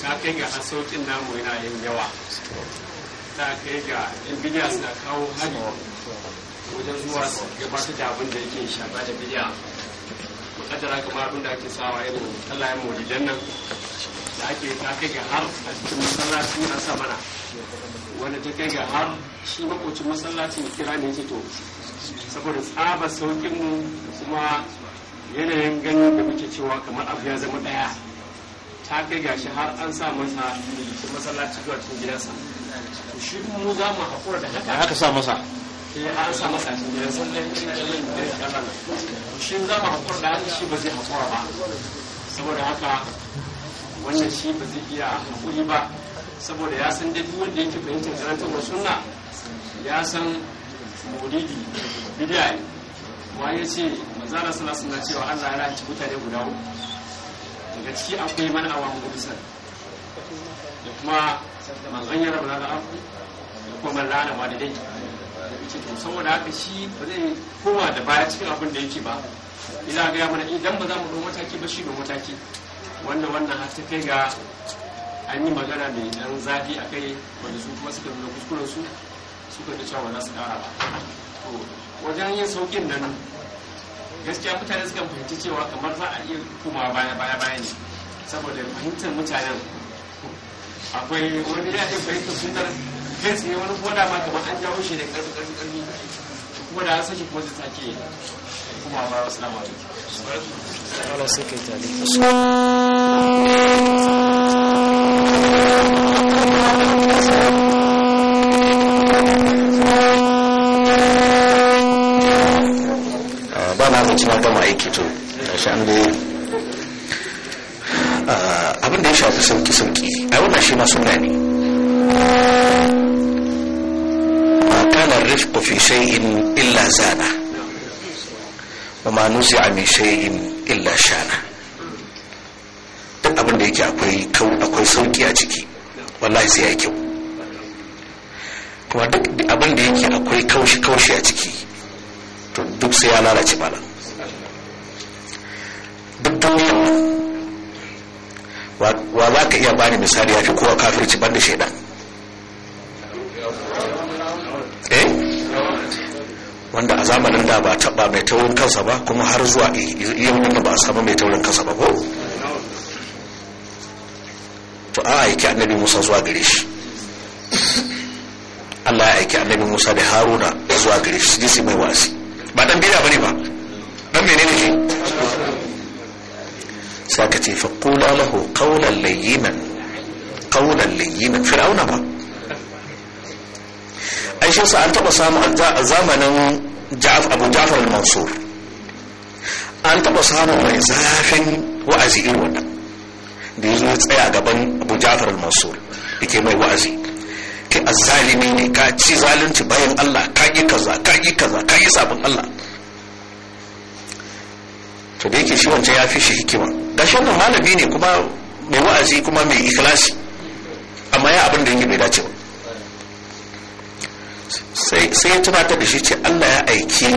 ta kai ga hasokin namu yana yin yawa ta kai ga yan bidiya suna kawo hari wajen zuwa su da abin da yake shafa da bidiya makadara kamar abin da ake sawa irin kallayen molidan nan da ake ta kai ga har a cikin masallaci an samana wanda ta kai ga har shi makocin masallacin kira ne ce to saboda tsaba saukin kuma yanayin ganin da muke cewa kamar abu ya zama daya ta kai gashi har an sa masa masallaci zuwa cikin gidansa shi kuma mu za mu haƙura da haka haka sa masa eh, an sa haka shi ba zai haƙura haka wannan shi iya haƙuri ba saboda ya san duk wanda yake fahimtar sunna ya san ya ce manzara cewa allah mutane guda uku daga ciki akwai a gudu sai da kuma manzon ya rabu da abu da kuma lana na wani dai da ce to saboda haka shi ba zai koma da baya cikin abin da yake ba ina ga ya mana idan ba za mu ɗau mataki ba shi ɗau mataki wannan wannan har ta kai ga an yi magana mai dan zafi a kai wanda su kuma suka nuna kuskuren su suka da cewa za su ƙara ba to wajen yin saukin nan gaskiya mutane suka fahimci cewa kamar za a iya kuma baya baya baya ne saboda fahimtar mutanen akwai wani ya iya fahimtar sunar kai yi wani koda ma kamar an jawo shi da karfi karfi karfi kuma da an sake kuma zai sake kuma ba wasu lamu alaikum. Allah sai tare. ba na mutum na gama aiki to tashi an dai ah, abin da ya shafi sauki sauki a wannan shi ma suna ne ma kana rifqu fi shay'in illa zana wa ma nuzi'a min shay'in illa shana duk abin da yake akwai akwai sauki a ciki wallahi sai ya kyau kuma duk abin da yake akwai kaushi kaushi a ciki to duk sai ya lalace malam duk duniyar wa za ka iya bani misali ya fi kowa kafirci banda shaidan eh wanda a zamanin da ba taba mai taurin kansa ba kuma har zuwa yau da ba a samu mai taurin kansa ba ko to a aiki annabi musa zuwa gare shi allah ya aiki annabi musa da haruna zuwa gare shi su mai wasi ba dan bida bane ba dan menene shi sai ka ce fa qula lahu qawlan layyinan qawlan layyinan fir'auna ba ai shi sa an taba samu a zamanin Ja'af Abu Ja'far al-Mansur an taba samu mai zafin wa'azi irin wannan da ya zo tsaya gaban Abu Ja'far al-Mansur yake mai wa'azi kai azzalimi ne ka ci zalunci bayan Allah ka yi kaza ka yi kaza ka yi sabon Allah to da yake shi wancan ya fi shi hikima shi wannan malami ne kuma mai wa'azi kuma mai ikhlasi amma ya abin da yake bai dace ba sai ya tunatar da shi ce Allah ya aiki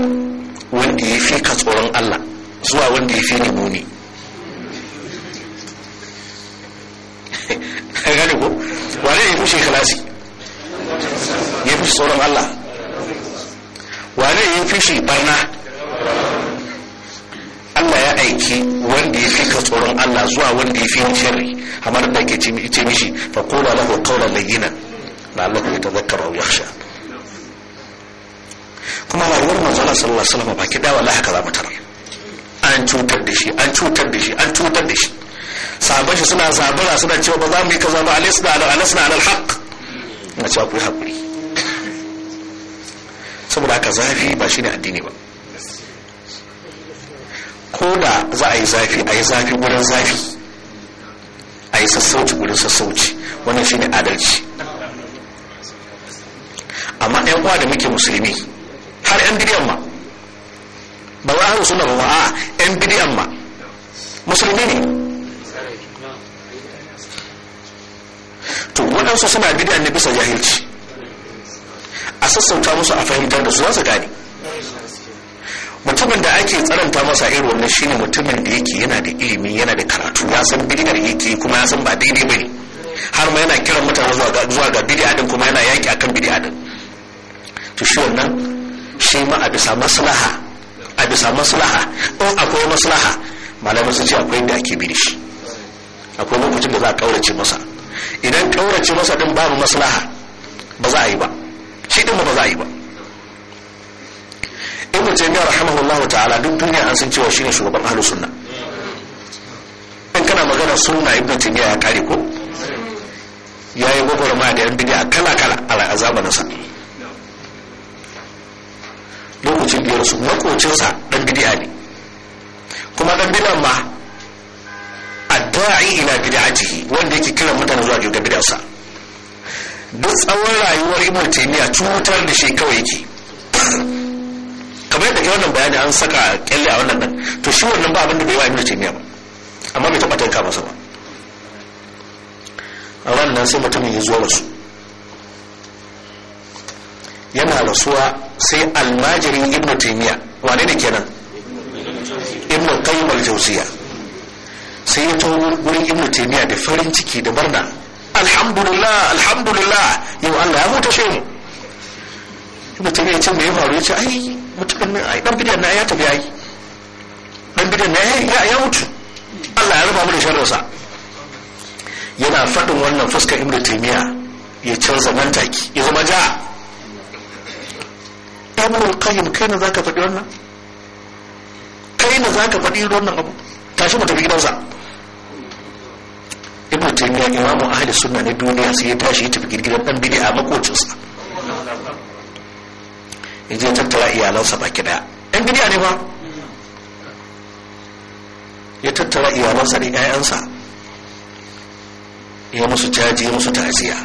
wanda ya fi ka tsoron Allah zuwa wanda ya fi ni muni gane ko wane ne kushe ikhlasi ya fi tsoron Allah wane ya fi shi barna Allah ya aiki wanda ya fi ka tsoron Allah zuwa wanda ya fi shirri kamar da ke ce mishi fa qula lahu qawlan layyinan la'allahu yatadhakkaru aw yakhsha kuma rayuwar manzo Allah sallallahu alaihi wasallam baki da wallahi haka za mu tarar an cutar da shi an cutar da shi an cutar da shi sahabban shi suna zabura suna cewa ba za mu yi kaza ba alaysa ala alasna ala alhaq a cewa ku haƙuri saboda aka zafi ba shi ne addini ba ko da za a yi zafi a yi zafi wurin zafi a yi sassauci wurin sassauci wannan shi ne adalci amma ɗan uwa da muke musulmi har yan bidiyan ma ba wa ahlus sunna ba a yan bidiyan ma musulmi ne waɗansu suna bidiya ne bisa jahilci a sassauta musu a fahimtar da su za su gane mutumin da ake tsananta masa irin wannan shine mutumin da yake yana da ilimi yana da karatu ya san bidiyar yake kuma ya san ba daidai bane har ma yana kiran mutane zuwa ga bidiyar din kuma yana yaki akan bidiyar din to shi wannan shi ma a bisa maslaha a bisa maslaha in akwai maslaha malamin sun ce akwai inda ake bi shi akwai lokacin da za a kaurace masa idan kaurace masa din babu maslaha ba za a yi ba shi din ba za a yi ba ibn taymiyyah rahimahullahu ta'ala duk duniya an san cewa shine shugaban ahlus sunna in kana magana sunna ibn taymiyyah ya kare ko yayi ma da yan bid'a kala kala a zamanin sa lokacin biyar su makocinsa dan bid'a ne kuma dan bid'a ma adda'i ila bid'atihi wanda yake kira mutane zuwa ga bid'arsa duk tsawon rayuwar ibn taymiya cutar da shi kawai yake kamar yadda ke wannan bayani an saka kyalle a wannan nan to shi wannan ba abin da bai wa ibnu taymiya ba amma bai taɓa tanka masa ba a wannan sai mutumin ya zo rasu yana rasuwa sai almajirin ibnu taymiya wane ne kenan ibnu qayyim al jawziyah sai ya taho wurin ibnu taymiya da farin ciki da barna alhamdulillah alhamdulillah yau Allah ya huta shi mu ibnu taymiya ce me ya faru ya ce ai mutumin nan ai dan bidan na ya tafi ai dan bidan na ya mutu Allah ya rufa mu da sharrinsa yana faɗin wannan fuskar ibnu taymiya ya canza nan take ya zama ja ibnu qayyim kai ne zaka faɗi wannan kai ne zaka faɗi wannan abu tashi mu tafi gidansa ibn taymiya imamu ahli sunna na duniya sai ya tashi ya tafi girgiran dan a makocinsa ya je tattara iyalansa baki daya yan bid'a ne ba ya tattara iyalansa da 'ya'yansa ya musu caji ya musu ta'aziyya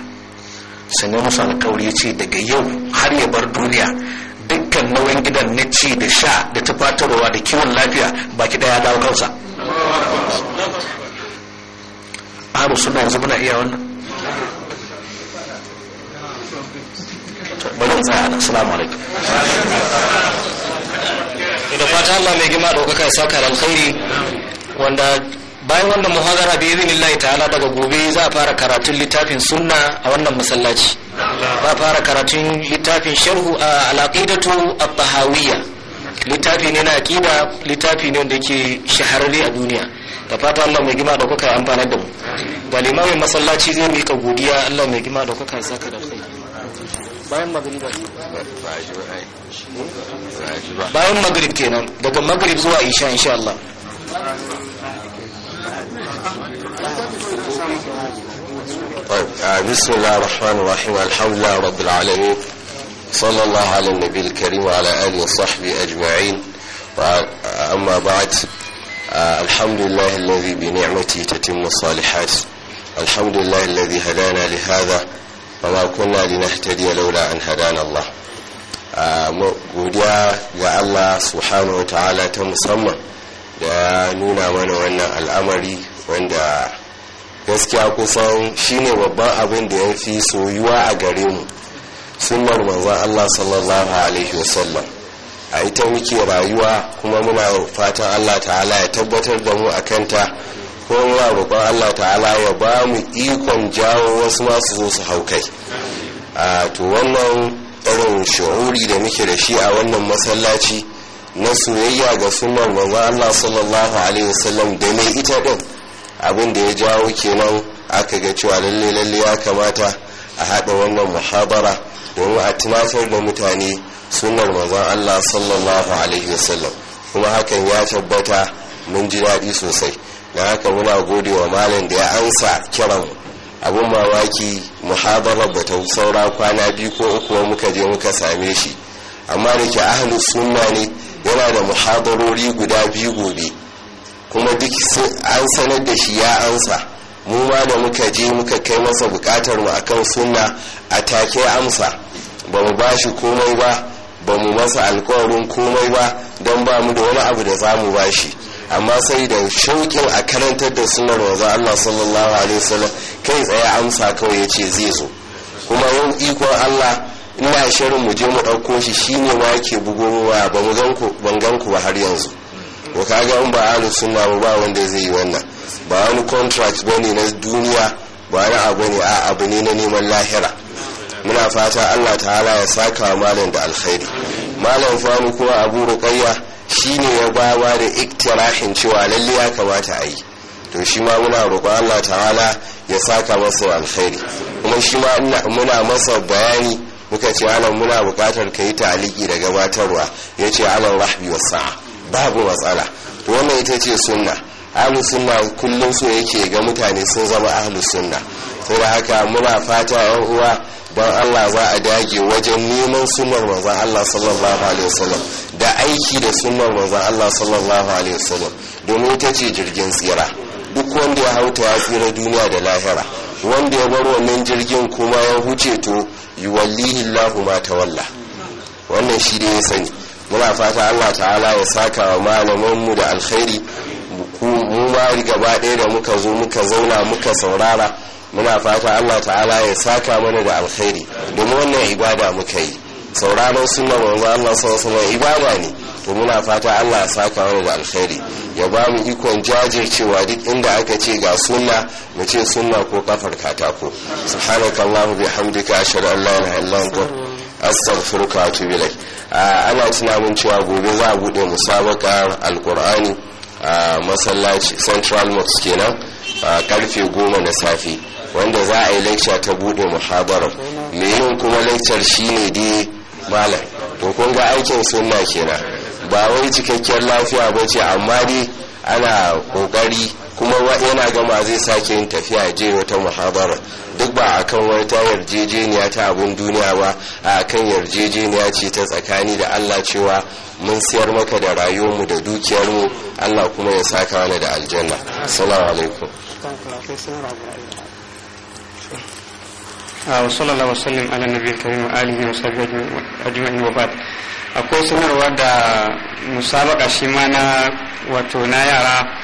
sannan musu alkawari ya ce daga yau har ya bar duniya dukkan nauyin gidan na ci da sha da tufatarwa da kiwon lafiya baki daya dawo kansa aru suna yanzu muna iya wannan bari tsaya nan alaikum da fata Allah mai gima ɗaukaka ya saka ran alkhairi wanda bayan wannan muhadara bi izinin Allah ta'ala daga gobe za a fara karatun littafin sunna a wannan masallaci za a fara karatun littafin sharhu a alaqidatu a tahawiyya littafi ne na aqida littafi ne wanda yake shahararre a duniya da fata Allah mai gima da kuka amfana da mu da limamin masallaci zai mika godiya Allah mai gima da kuka saka da kai bayan magrib bayan magrib kenan daga magrib zuwa isha insha Allah بسم الله الرحمن الرحيم الحمد لله رب العالمين صلى الله على النبي الكريم وعلى آله وصحبه أجمعين أما بعد الحمد لله الذي بنعمته تتم الصالحات الحمد لله الذي هدانا لهذا وما كنا لنهتدي لولا أن هدانا الله godiya ga Allah subhanahu ta'ala ta musamman da nuna mana wannan al'amari wanda gaskiya kusan shine babban abin da ya fi soyuwa a gare mu sunnar manzon Allah sallallahu alaihi wasallam a ita muke rayuwa kuma muna fatan allah ta'ala ya tabbatar da mu a kanta ko muna roƙon allah ta'ala ya ba mu ikon jawo wasu masu zo su hau a to wannan shahuri shahuri da muke da shi a wannan masallaci na soyayya ga sunan wanzu allah sallallahu alaihi wasallam da mai ita din abin da ya jawo kenan aka ga cewa lalle lalle ya kamata a haɗa wannan muhabara domin a tunatar da mutane sunnar mazan Allah sallallahu alaihi wasallam kuma hakan ya tabbata mun ji daɗi sosai na haka muna gode wa malam da ya ansa kiran abun mamaki muhabarar ba saura kwana biyu ko uku muka je muka same shi amma da ke ahalin sunna ne yana da muhabarori guda biyu gobe kuma duk an sanar da shi ya ansa mu ma da muka je muka kai masa bukatar mu akan sunna a take amsa ba mu ba shi komai ba ba mu masa alkawarin komai ba don ba mu da wani abu da za mu ba shi amma sai da shauƙin a karantar da sunar waza Allah sallallahu alaihi wasallam kai tsaye amsa kawai ya ce zai zo kuma yau ikon Allah ina shirin mu je mu ɗauko shi shine ma ke bugo ruwa ba mu ban gan ku ba har yanzu ko ga in ba alu suna ba ba wanda zai yi wannan ba wani contract bane na duniya ba wani abu ne a abu ne na neman lahira muna fata allah ta'ala ya saka malam da alkhairi malam fanu kuma abu shi shine ya bawa da iktirahin cewa lalle ya kamata a yi to shi ma muna roƙon allah ta'ala ya saka masa alkhairi kuma shi ma muna masa bayani muka ce alam muna buƙatar ka yi taliki da gabatarwa ya ce alam rahbi sa'a babu matsala to wannan ita ce sunna ahlu sunna kullum so yake ga mutane sun zama ahlu sunna da haka muna fata yan uwa don Allah za a dage wajen neman sunan manzan Allah sallallahu alaihi wasallam da aiki da sunan manzan Allah sallallahu alaihi wasallam domin ta ce jirgin tsira duk wanda ya hauta ya tsira duniya da lahira wanda ya bar wannan jirgin kuma ya huce to yi yuwallihi Allahu ma walla. wannan shi da ya sani muna fata Allah ta'ala ya saka wa malamanmu da alkhairi mu ma gaba ɗaya da muka zo muka zauna muka saurara muna fata Allah ta'ala ya saka mana da alkhairi domin wannan ibada muka yi sauraron sunan manzo Allah sallallahu alaihi ibada ne to muna fata Allah ya saka mana da alkhairi ya ba mu ikon jajircewa duk inda aka ce ga sunna mu ce sunna ko kafar katako subhanakallahu bihamdika ashhadu an la ilaha illa anta astaghfiruka wa atubu ilaik ana tunanin cewa gobe za a bude musabakar alkur'ani a masallaci central mosque kenan a karfe goma na safe wanda za a yi lecture ta bude muhabarar me yin kuma lecture shine dai malam to kun ga aikin sunna kenan ba wai cikakkiyar lafiya ba ce amma dai ana kokari kuma yana gama zai sake yin tafiya je wata muhabara duk ba akan wata yarjejeniya ta abun duniya ba a akan yarjejeniya ce ta tsakani da allah cewa mun siyar maka da rayuwarmu da dukiyarmu allah kuma ya saka mana da aljanna salamu alaikum وصلى الله وسلم على النبي الكريم وآله وصحبه wa bad akwai sanarwa da musabaka shi ma na wato na yara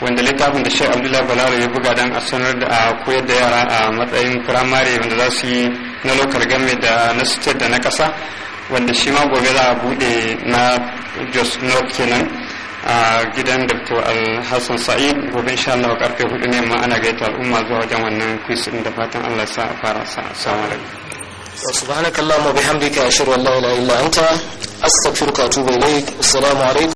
wanda littafin da shek abdullahi balaro ya buga don a sanar da a koyar da yara a matsayin firamare wanda za su yi na lokar game da na state da na kasa wanda shi ma gobe za a bude na jos north kenan a gidan dr alhassan sa'id gobe insha Allah karfe hudu ne ma ana gaita al'umma zuwa wajen wannan quiz din da fatan Allah sa a fara sa assalamu alaikum سبحانك اللهم وبحمدك أشهد أن لا إله إلا أنت أستغفرك وأتوب إليك السلام عليكم